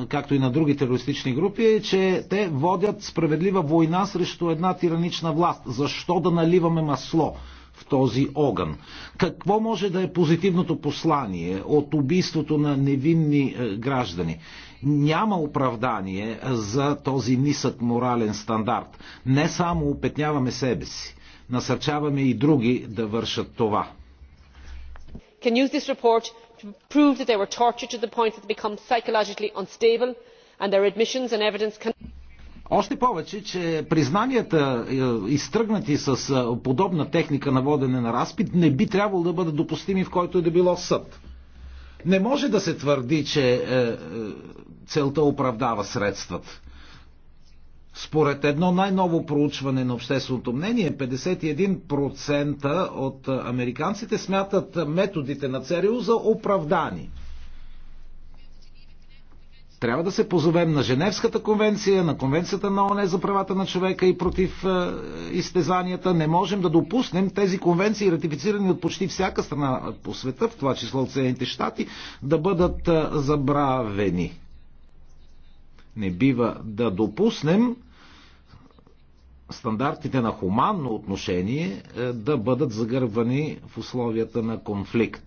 както и на други терористични групи, е, че те водят справедлива война срещу една тиранична власт. Защо да наливаме масло в този огън? Какво може да е позитивното послание от убийството на невинни граждани? Няма оправдание за този нисък морален стандарт. Не само опетняваме себе си, насърчаваме и други да вършат това. Can use this report prove that they were tortured to the point that they become psychologically unstable and their admissions and evidence can още повече, че признанията, е, изтръгнати с е, подобна техника на водене на разпит, не би трябвало да бъдат допустими в който и да било съд. Не може да се твърди, че е, целта оправдава средствата. Според едно най-ново проучване на общественото мнение, 51% от американците смятат методите на ЦРУ за оправдани. Трябва да се позовем на Женевската конвенция, на конвенцията на ОНЕ за правата на човека и против е, изтезанията. Не можем да допуснем тези конвенции, ратифицирани от почти всяка страна по света, в това число от Съединените щати, да бъдат е, забравени. Не бива да допуснем стандартите на хуманно отношение е, да бъдат загървани в условията на конфликт.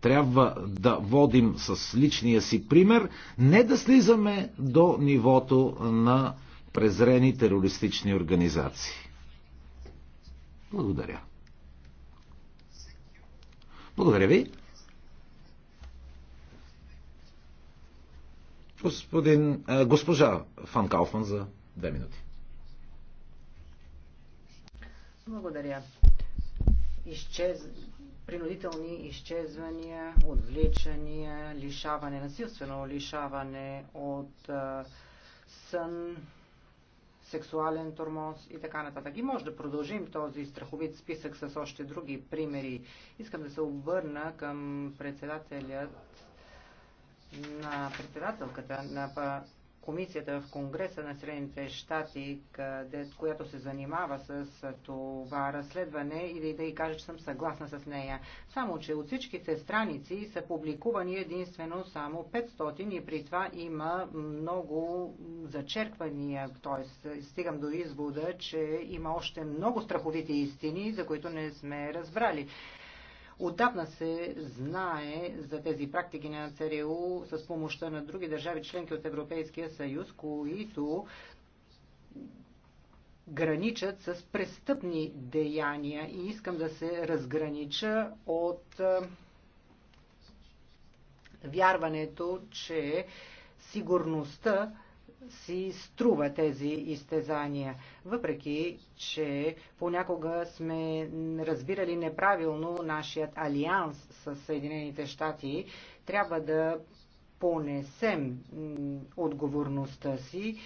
Трябва да водим с личния си пример, не да слизаме до нивото на презрени терористични организации. Благодаря. Благодаря ви. Господин, госпожа Фан Кауфман за две минути. Благодаря. Изчез... Принудителни изчезвания, отвличания, лишаване, насилствено лишаване от а, сън, сексуален тормоз и така нататък. И може да продължим този страховит списък с още други примери. Искам да се обърна към председателят на председателката на комисията в Конгреса на Средните щати, къде, която се занимава с това разследване и да й кажа, че съм съгласна с нея. Само, че от всичките страници са публикувани единствено само 500 и при това има много зачерквания, т.е. стигам до извода, че има още много страховити истини, за които не сме разбрали. Отдавна се знае за тези практики на ЦРУ с помощта на други държави, членки от Европейския съюз, които граничат с престъпни деяния и искам да се разгранича от вярването, че сигурността си струва тези изтезания, въпреки че понякога сме разбирали неправилно нашият алианс с Съединените щати, трябва да понесем отговорността си,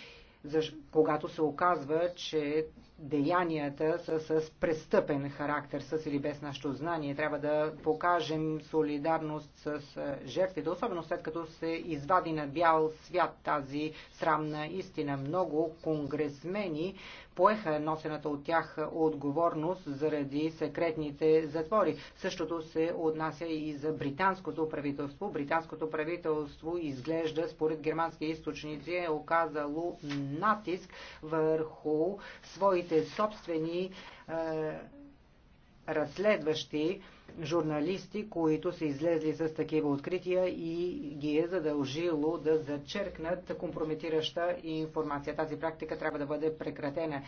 когато се оказва, че деянията са с престъпен характер, с или без нашето знание. Трябва да покажем солидарност с е, жертвите, особено след като се извади на бял свят тази срамна истина. Много конгресмени поеха носената от тях отговорност заради секретните затвори. Същото се отнася и за британското правителство. Британското правителство изглежда, според германски източници, е оказало натиск върху своите собствени е, разследващи журналисти, които са излезли с такива открития и ги е задължило да зачеркнат компрометираща информация. Тази практика трябва да бъде прекратена.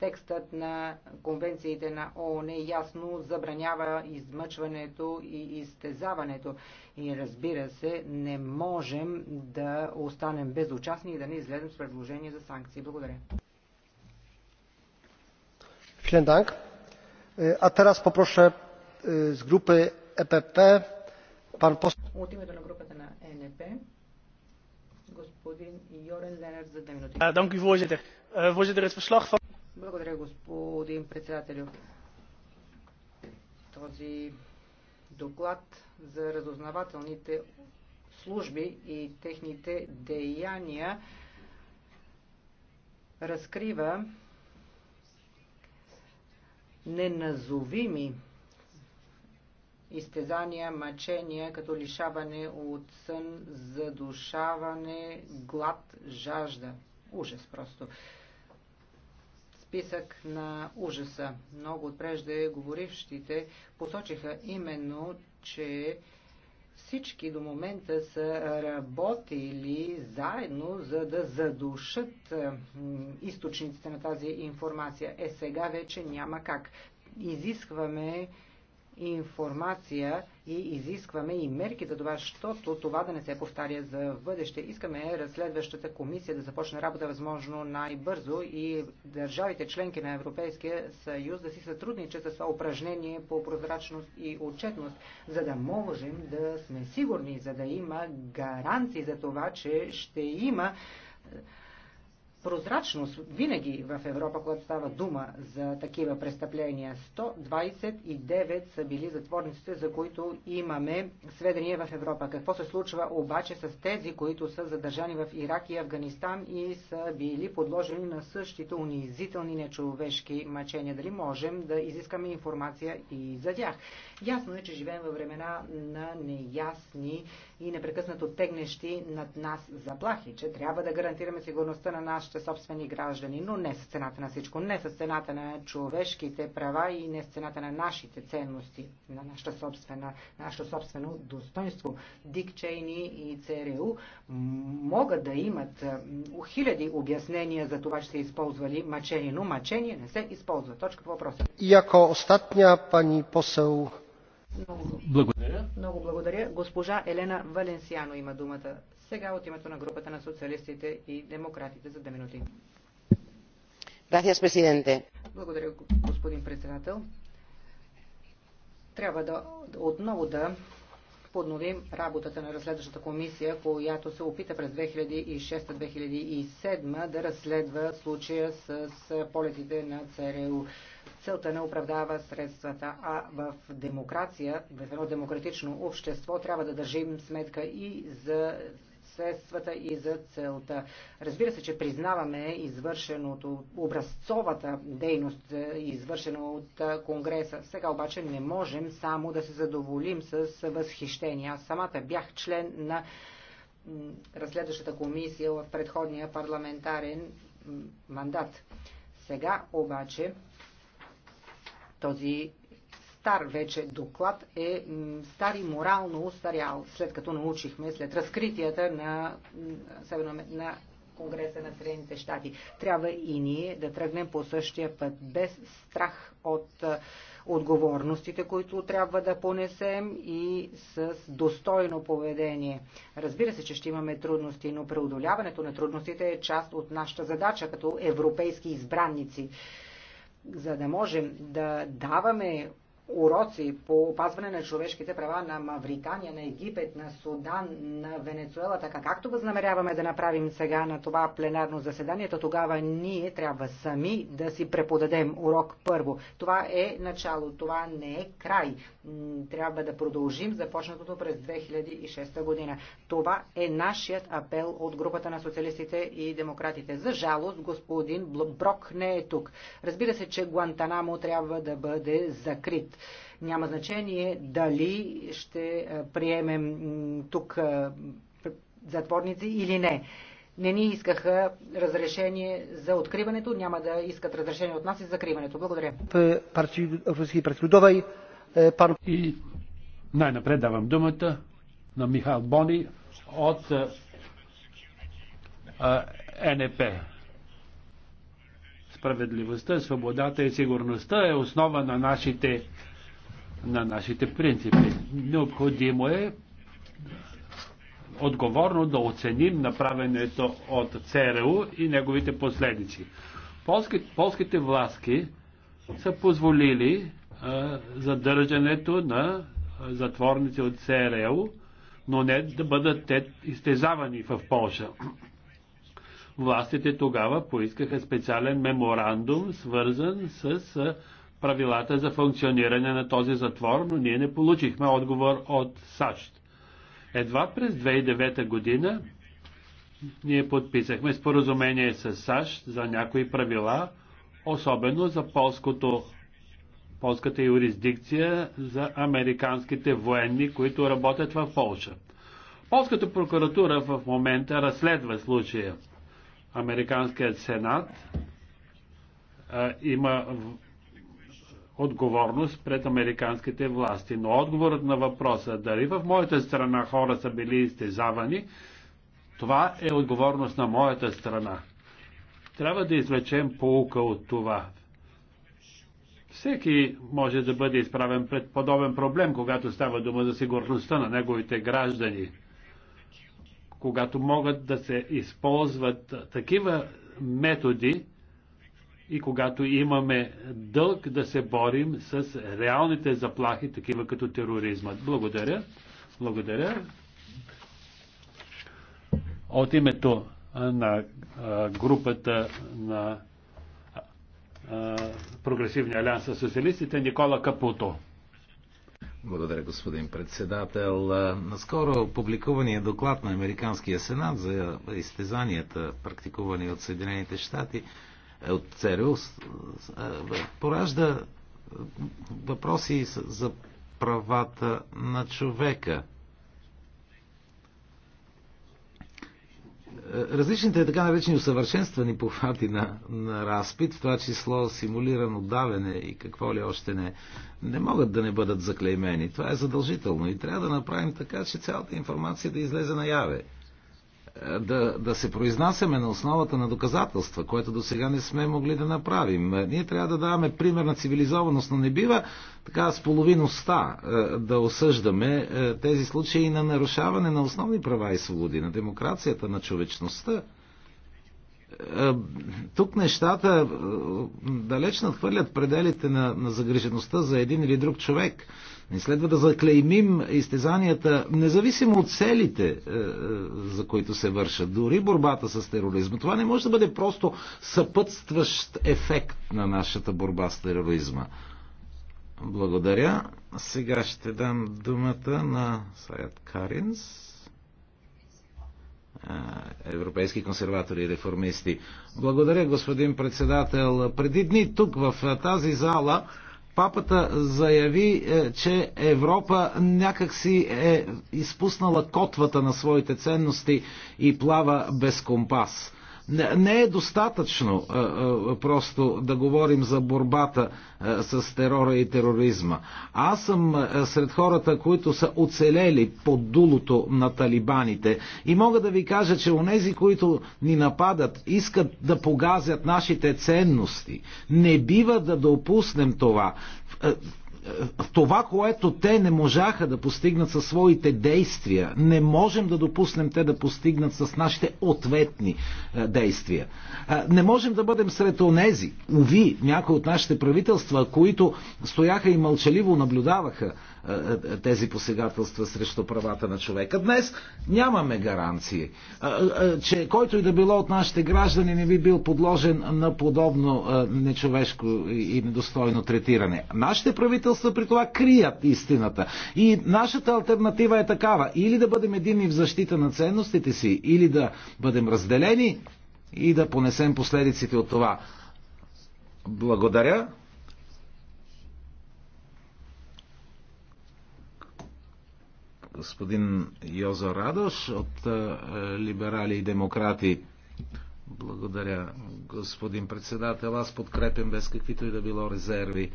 Текстът на конвенциите на ООН ясно забранява измъчването и изтезаването. И разбира се, не можем да останем безучастни и да не излезем с предложение за санкции. Благодаря. Vielen Dank. A teraz poproszę от името на групата на НП господин Йорен Ленер за две минути. Благодаря, господин председателю. Този доклад за разузнавателните служби и техните деяния разкрива неназовими изтезания, мъчения, като лишаване от сън, задушаване, глад, жажда. Ужас просто. Списък на ужаса. Много от преждеговорившите посочиха именно, че всички до момента са работили заедно, за да задушат източниците на тази информация. Е, сега вече няма как. Изискваме информация и изискваме и мерки за това, защото това да не се повтаря за бъдеще. Искаме разследващата комисия да започне работа възможно най-бързо и държавите членки на Европейския съюз да си сътрудничат с това упражнение по прозрачност и отчетност, за да можем да сме сигурни, за да има гаранции за това, че ще има прозрачност винаги в Европа, когато става дума за такива престъпления. 129 са били затворниците, за които имаме сведения в Европа. Какво се случва обаче с тези, които са задържани в Ирак и Афганистан и са били подложени на същите унизителни нечовешки мъчения? Дали можем да изискаме информация и за тях? Ясно е, че живеем във времена на неясни и непрекъснато тегнещи над нас заплахи, че трябва да гарантираме сигурността на нашите собствени граждани, но не с цената на всичко, не с цената на човешките права и не с цената на нашите ценности, на нашата собствена, нашето собствено достоинство. Дик Чейни и ЦРУ могат да имат хиляди обяснения за това, че са използвали мъчение, но мъчение не се използва. Точка по въпроса. И ако остатня пани посъл много благодаря. Много благодаря. Госпожа Елена Валенсиано има думата. Сега от името на групата на социалистите и демократите за две минути. Gracias, presidente. Благодаря, господин председател. Трябва да отново да подновим работата на разследващата комисия, която се опита през 2006-2007 да разследва случая с полетите на ЦРУ целта не оправдава средствата, а в демокрация, в едно демократично общество трябва да държим сметка и за средствата и за целта. Разбира се, че признаваме извършеното, образцовата дейност, е, извършена от е, Конгреса. Сега обаче не можем само да се задоволим с възхищение. Аз самата бях член на разследващата комисия в предходния парламентарен мандат. Сега обаче този стар вече доклад е стар и морално устарял, след като научихме, след разкритията на, на Конгреса на Средните щати. Трябва и ние да тръгнем по същия път, без страх от отговорностите, които трябва да понесем и с достойно поведение. Разбира се, че ще имаме трудности, но преодоляването на трудностите е част от нашата задача като европейски избранници за да можем да даваме уроци по опазване на човешките права на Мавритания, на Египет, на Судан, на Венецуела, така както възнамеряваме да направим сега на това пленарно заседание, то тогава ние трябва сами да си преподадем урок първо. Това е начало, това не е край трябва да продължим започнатото през 2006 година. Това е нашият апел от групата на социалистите и демократите. За жалост, господин Брок не е тук. Разбира се, че Гуантанамо трябва да бъде закрит. Няма значение дали ще е, приемем тук е, затворници или не не ни искаха разрешение за откриването, няма да искат разрешение от нас и за закриването. Благодаря. Е, пан... И най-напред давам думата на Михал Бони от а, е, е, НП. Справедливостта, свободата и сигурността е основа на нашите, на нашите принципи. Необходимо е отговорно да оценим направенето от ЦРУ и неговите последици. Полските, полските власти са позволили задържането на затворници от СРЛ, но не да бъдат те изтезавани в Польша. Властите тогава поискаха специален меморандум, свързан с правилата за функциониране на този затвор, но ние не получихме отговор от САЩ. Едва през 2009 година ние подписахме споразумение с САЩ за някои правила, особено за полското полската юрисдикция за американските военни, които работят в Полша. Полската прокуратура в момента разследва случая. Американският сенат а, има отговорност пред американските власти. Но отговорът на въпроса дали в моята страна хора са били изтезавани, това е отговорност на моята страна. Трябва да извлечем поука от това. Всеки може да бъде изправен пред подобен проблем, когато става дума за сигурността на неговите граждани, когато могат да се използват такива методи и когато имаме дълг да се борим с реалните заплахи, такива като тероризма. Благодаря. Благодаря. От името на групата на Прогресивния алианс с социалистите Никола Капуто. Благодаря, господин председател. Наскоро публикувания доклад на Американския сенат за изтезанията, практикувани от Съединените щати, е от ЦРУ, поражда въпроси за правата на човека. Различните така наречени усъвършенствани похвати на, на разпит, в това число симулирано давене и какво ли още не, не могат да не бъдат заклеймени. Това е задължително и трябва да направим така, че цялата информация да излезе наяве да, да се произнасяме на основата на доказателства, което до сега не сме могли да направим. Ние трябва да даваме пример на цивилизованост, но не бива така с половиността е, да осъждаме е, тези случаи на нарушаване на основни права и свободи, на демокрацията, на човечността. Е, тук нещата далеч надхвърлят пределите на, на загрижеността за един или друг човек не следва да заклеймим изтезанията, независимо от целите, е, е, за които се вършат, дори борбата с тероризма. Това не може да бъде просто съпътстващ ефект на нашата борба с тероризма. Благодаря. Сега ще дам думата на Саят Каринс е, европейски консерватори и реформисти. Благодаря, господин председател. Преди дни тук в тази зала папата заяви, е, че Европа някакси е изпуснала котвата на своите ценности и плава без компас. Не е достатъчно просто да говорим за борбата с терора и тероризма. Аз съм сред хората, които са оцелели под дулото на талибаните и мога да ви кажа, че онези, които ни нападат, искат да погазят нашите ценности. Не бива да допуснем това това, което те не можаха да постигнат със своите действия, не можем да допуснем те да постигнат с нашите ответни е, действия. Е, не можем да бъдем сред онези, уви, някои от нашите правителства, които стояха и мълчаливо наблюдаваха е, е, тези посегателства срещу правата на човека. Днес нямаме гаранции, е, че който и да било от нашите граждани не би бил подложен на подобно нечовешко и недостойно третиране. Нашите правителства при това крият истината. И нашата альтернатива е такава. Или да бъдем едини в защита на ценностите си, или да бъдем разделени и да понесем последиците от това. Благодаря. господин Йозо Радош от е, Либерали и Демократи. Благодаря, господин председател. Аз подкрепям без каквито и да било резерви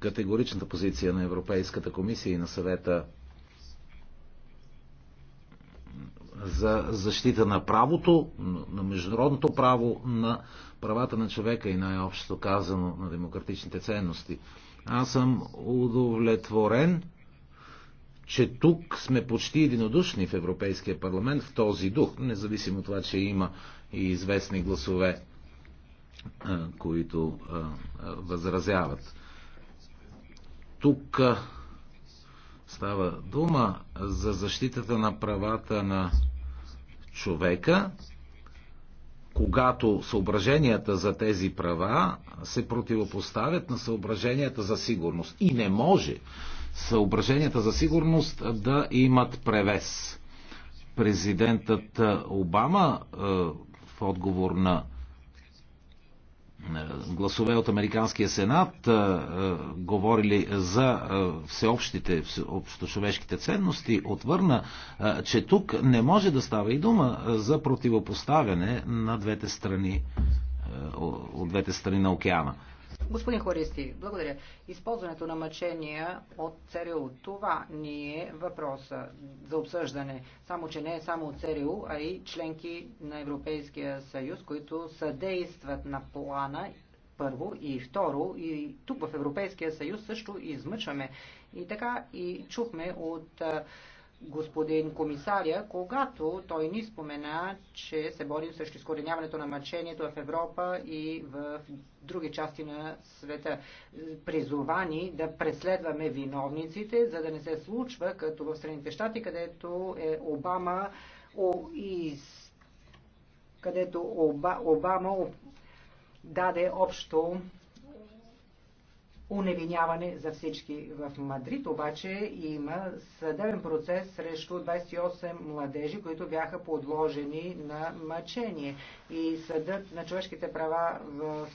категоричната позиция на Европейската комисия и на съвета за защита на правото, на международното право, на правата на човека и най-общо казано на демократичните ценности. Аз съм удовлетворен че тук сме почти единодушни в Европейския парламент в този дух, независимо от това, че има и известни гласове, които възразяват. Тук става дума за защитата на правата на човека, когато съображенията за тези права се противопоставят на съображенията за сигурност. И не може съображенията за сигурност да имат превес. Президентът Обама е, в отговор на е, гласове от Американския сенат е, говорили за всеобщите, човешките ценности, отвърна, че тук не може да става и дума за противопоставяне на двете страни от двете страни на океана. Господин Хористи, благодаря. Използването на мъчения от ЦРУ, това ни е въпроса за обсъждане. Само, че не е само от ЦРУ, а и членки на Европейския съюз, които съдействат на плана първо и второ. И тук в Европейския съюз също измъчваме. И така и чухме от господин комисаря, когато той ни спомена, че се борим срещу изкореняването на мъчението в Европа и в други части на света. Призовани да преследваме виновниците, за да не се случва като в Средните щати, където е Обама о, и където Оба, Обама даде общо уневиняване за всички. В Мадрид обаче има съдебен процес срещу 28 младежи, които бяха подложени на мъчение. И съдът на човешките права в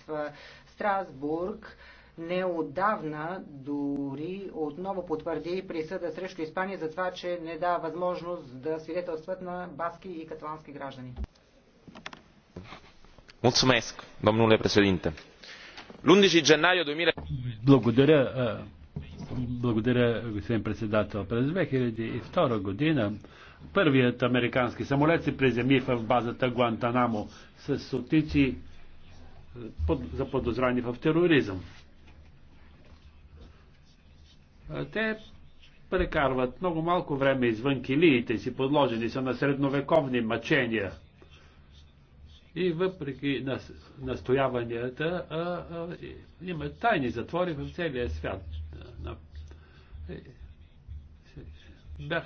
Страсбург неодавна дори отново потвърди присъда срещу Испания за това, че не дава възможност да свидетелстват на баски и каталански граждани. Mulțumesc, domnule președinte. L'11 gennaio 2000... Благодаря, благодаря, господин председател. През 2002 година първият американски самолет се приземи в базата Гуантанамо с сотици подозрани в тероризъм. Те прекарват много малко време извън килиите си, подложени са на средновековни мъчения – и въпреки настояванията, а, а, има тайни затвори в целия свят. Е, бях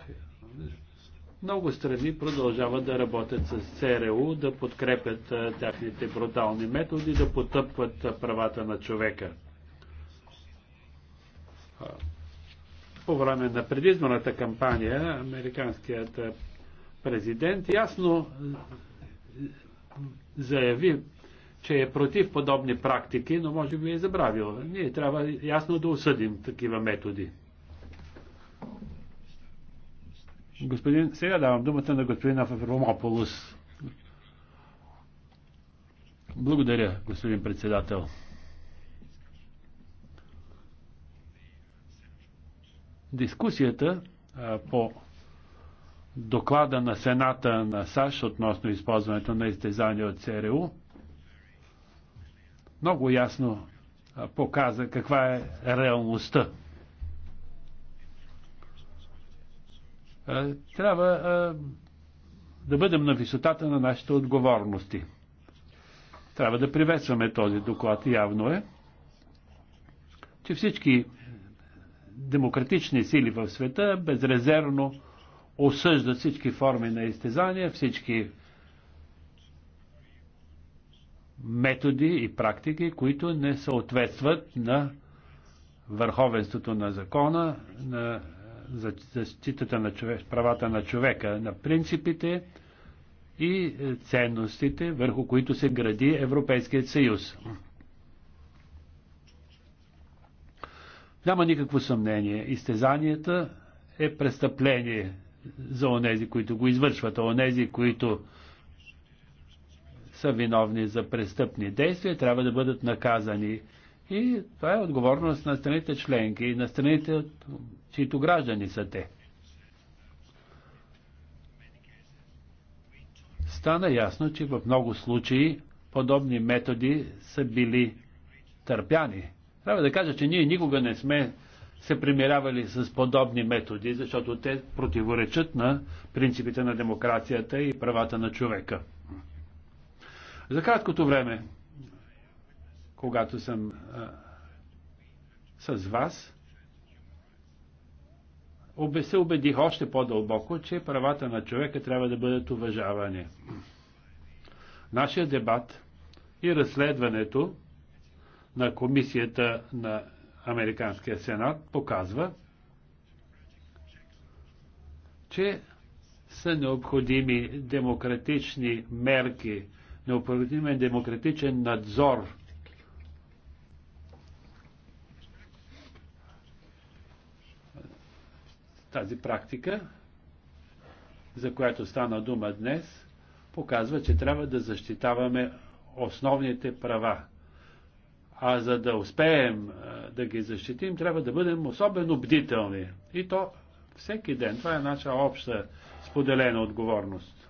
много страни продължават да работят с ЦРУ, да подкрепят тяхните брутални методи, да потъпват правата на човека. по време на предизборната кампания американският президент ясно заяви, че е против подобни практики, но може би е забравил. Ние трябва ясно да осъдим такива методи. Господин, сега давам думата на господин Афромополус. Благодаря, господин председател. Дискусията а, по доклада на Сената на САЩ относно използването на изтезания от ЦРУ много ясно показа каква е реалността. Трябва да бъдем на висотата на нашите отговорности. Трябва да приветстваме този доклад. Явно е, че всички демократични сили в света безрезервно осъждат всички форми на изтезания, всички методи и практики, които не съответстват на върховенството на закона, на защитата на човек, правата на човека, на принципите и е, ценностите, върху които се гради Европейският съюз. Няма никакво съмнение. Изтезанията е престъпление за онези, които го извършват, а онези, които са виновни за престъпни действия, трябва да бъдат наказани. И това е отговорност на страните членки и на страните, чието граждани са те. Стана ясно, че в много случаи подобни методи са били търпяни. Трябва да кажа, че ние никога не сме се примирявали с подобни методи, защото те противоречат на принципите на демокрацията и правата на човека. За краткото време, когато съм а, с вас, се убедих още по-дълбоко, че правата на човека трябва да бъдат уважавани. Нашия дебат и разследването на комисията на Американския сенат показва, че са необходими демократични мерки, необходим е демократичен надзор. Тази практика, за която стана дума днес, показва, че трябва да защитаваме основните права а за да успеем да ги защитим, трябва да бъдем особено бдителни. И то всеки ден. Това е наша обща споделена отговорност.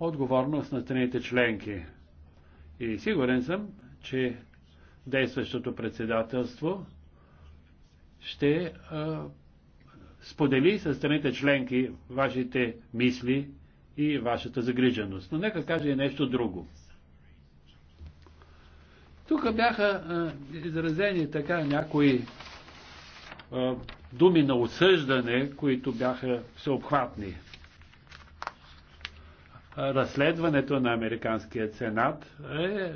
Отговорност на страните членки. И сигурен съм, че действащото председателство ще а, сподели с страните членки вашите мисли и вашата загриженост. Но нека каже и нещо друго. Тук бяха а, изразени така някои а, думи на осъждане, които бяха всеобхватни. Разследването на Американския Сенат е, е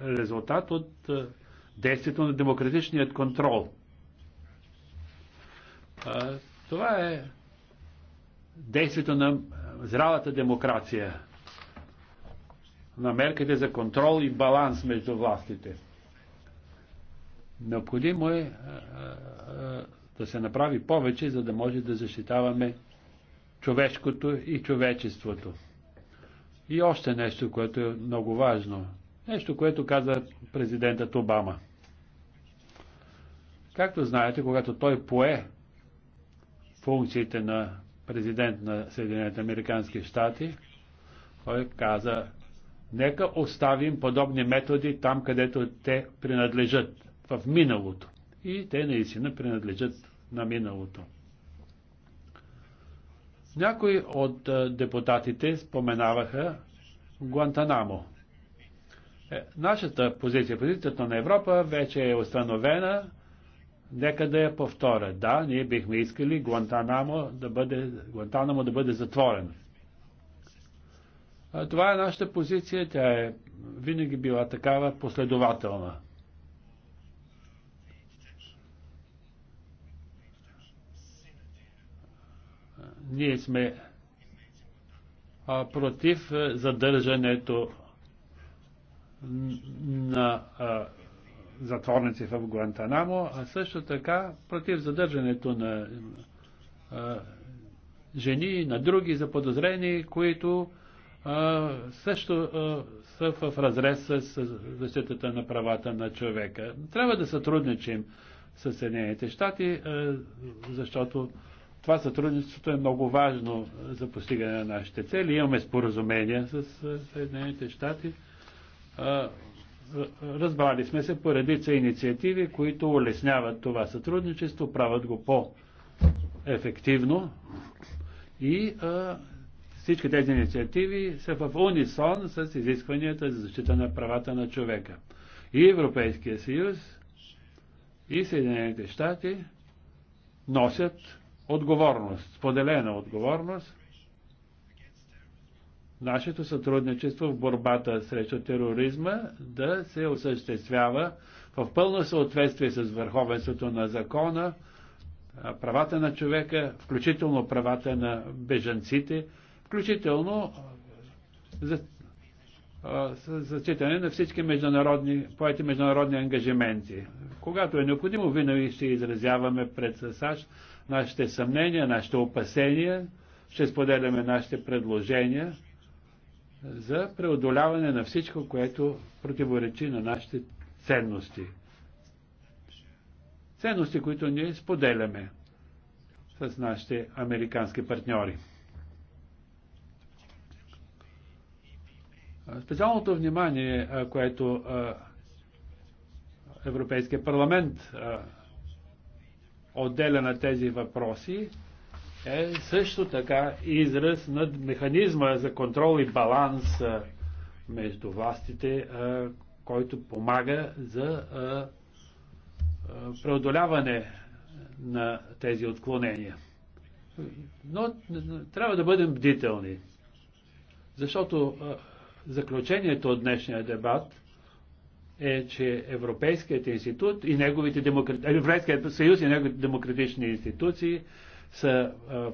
резултат от действието на демократичният контрол. Това е действието на зралата демокрация на мерките за контрол и баланс между властите. Необходимо е да се направи повече, за да може да защитаваме човешкото и човечеството. И още нещо, което е много важно. Нещо, което каза президентът Обама. Както знаете, когато той пое функциите на президент на Съединените Американски щати, той каза, Нека оставим подобни методи там, където те принадлежат, в миналото. И те наистина принадлежат на миналото. Някои от депутатите споменаваха Гуантанамо. Е, нашата позиция, позицията на Европа вече е установена. Нека да я повторя. Да, ние бихме искали Гуантанамо да бъде, Гуантанамо да бъде затворен. Това е нашата позиция, тя е винаги била такава последователна. Ние сме против задържането на затворници в Гуантанамо, а също така против задържането на жени на други заподозрени, които също са в разрез с защитата на правата на човека. Трябва да сътрудничим с Съединените щати, защото това сътрудничество е много важно за постигане на нашите цели. Имаме споразумения с Съединените щати. Разбрали сме се по редица инициативи, които улесняват това сътрудничество, правят го по-ефективно и а, всички тези инициативи са в унисон с изискванията за защита на правата на човека. И Европейския съюз, и Съединените щати носят отговорност, споделена отговорност. Нашето сътрудничество в борбата срещу тероризма да се осъществява в пълно съответствие с върховенството на закона, правата на човека, включително правата на бежанците, включително за читане на всички международни, поети международни ангажименти. Когато е необходимо, винаги ще изразяваме пред САЩ нашите съмнения, нашите опасения, ще споделяме нашите предложения за преодоляване на всичко, което противоречи на нашите ценности. Ценности, които ние споделяме с нашите американски партньори. Специалното внимание, което Европейския парламент отделя на тези въпроси, е също така израз на механизма за контрол и баланс между властите, който помага за преодоляване на тези отклонения. Но трябва да бъдем бдителни, защото Заключението от днешния дебат е, че Европейският институт и неговите демократи... Европейският съюз и неговите демократични институции са а,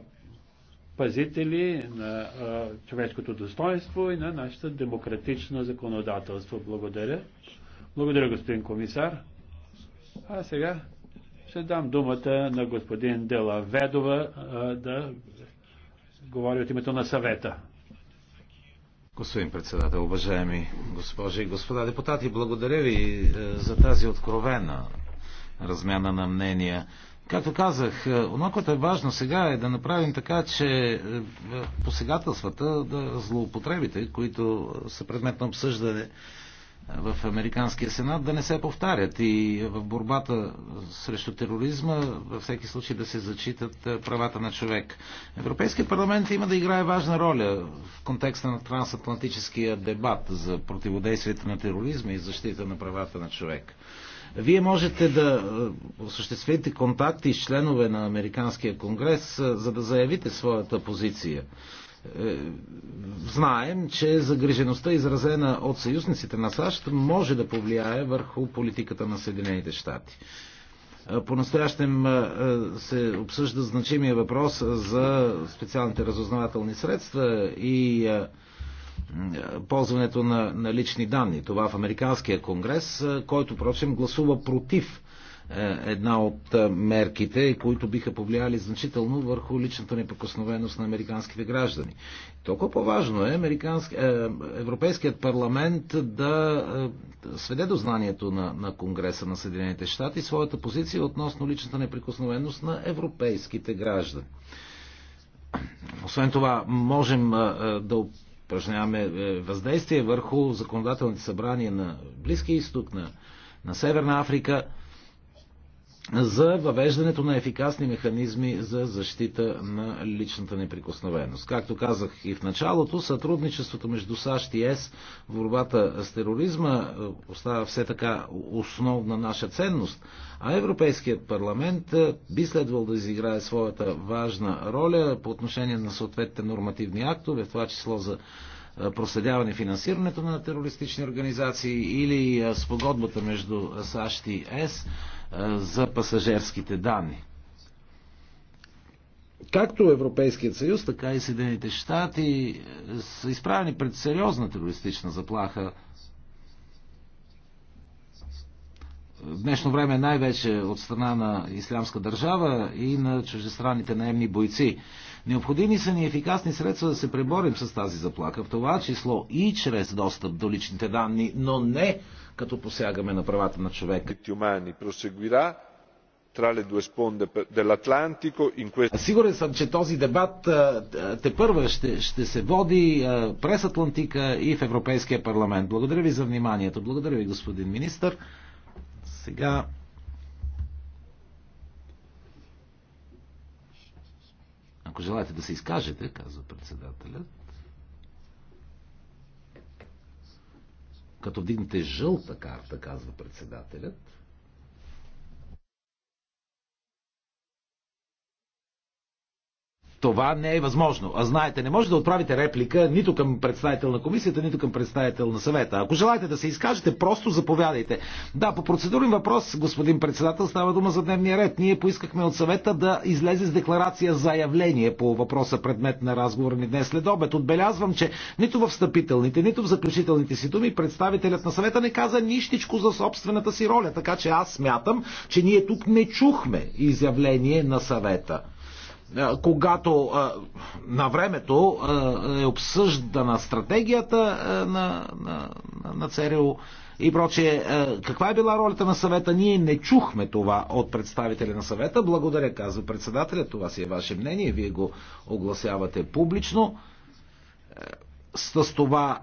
пазители на а, човешкото достоинство и на нашето демократично законодателство. Благодаря. Благодаря, господин комисар. А сега ще дам думата на господин Дела Ведова а, да говори от името на съвета. Господин председател, уважаеми госпожи и господа депутати, благодаря ви е, за тази откровена размяна на мнения. Както казах, е, оно, което е важно сега е да направим така, че е, посегателствата, да злоупотребите, които са предмет на обсъждане, в Американския сенат да не се повтарят и в борбата срещу тероризма във всеки случай да се зачитат правата на човек. Европейския парламент има да играе важна роля в контекста на трансатлантическия дебат за противодействието на тероризма и защита на правата на човек. Вие можете да осъществите контакти с членове на Американския конгрес, за да заявите своята позиция. Е, знаем, че загрижеността, изразена от съюзниците на САЩ, може да повлияе върху политиката на Съединените щати. Е, по-настоящем е, се обсъжда значимия въпрос за специалните разузнавателни средства и ползването на, на лични данни. Това в Американския конгрес, който, впрочем, гласува против е, една от е, мерките, които биха повлияли значително върху личната неприкосновеност на американските граждани. Толкова по-важно е, е Европейският парламент да сведе до знанието на, на Конгреса на Съединените щати своята позиция относно личната неприкосновеност на европейските граждани. Освен това, можем да упражняваме въздействие върху законодателните събрания на Близкия изток, на, на Северна Африка – за въвеждането на ефикасни механизми за защита на личната неприкосновеност. Както казах и в началото, сътрудничеството между САЩ и ЕС в борбата с тероризма е, остава все така основна наша ценност, а Европейският парламент е, би следвал да изиграе своята важна роля по отношение на съответните нормативни актове, в това число за е, проследяване финансирането на терористични организации или спогодбата между САЩ и ЕС за пасажерските данни. Както Европейският съюз, така и Съединените щати е, са изправени пред сериозна терористична заплаха. В днешно време най-вече от страна на Ислямска държава и на чуждестранните наемни бойци. Необходими са ни ефикасни средства да се преборим с тази заплака в това число и чрез достъп до личните данни, но не като посягаме на правата на човека. Сигурен съм, че този дебат те първа ще, ще се води през Атлантика и в Европейския парламент. Благодаря ви за вниманието. Благодаря ви, господин министр. Сега Ако желаете да се изкажете, казва председателят, като вдигнете жълта карта, казва председателят, Това не е възможно. А знаете, не може да отправите реплика нито към представител на комисията, нито към представител на съвета. Ако желаете да се изкажете, просто заповядайте. Да, по процедурен въпрос, господин председател, става дума за дневния ред. Ние поискахме от съвета да излезе с декларация заявление по въпроса предмет на разговора ни днес след обед. Отбелязвам, че нито в встъпителните, нито в заключителните си думи представителят на съвета не каза нищичко за собствената си роля. Така че аз смятам, че ние тук не чухме изявление на съвета когато на времето е обсъждана стратегията на, на, на ЦРУ и прочее. Каква е била ролята на съвета? Ние не чухме това от представители на съвета. Благодаря, казва председателя. Това си е ваше мнение. Вие го огласявате публично. Е, с това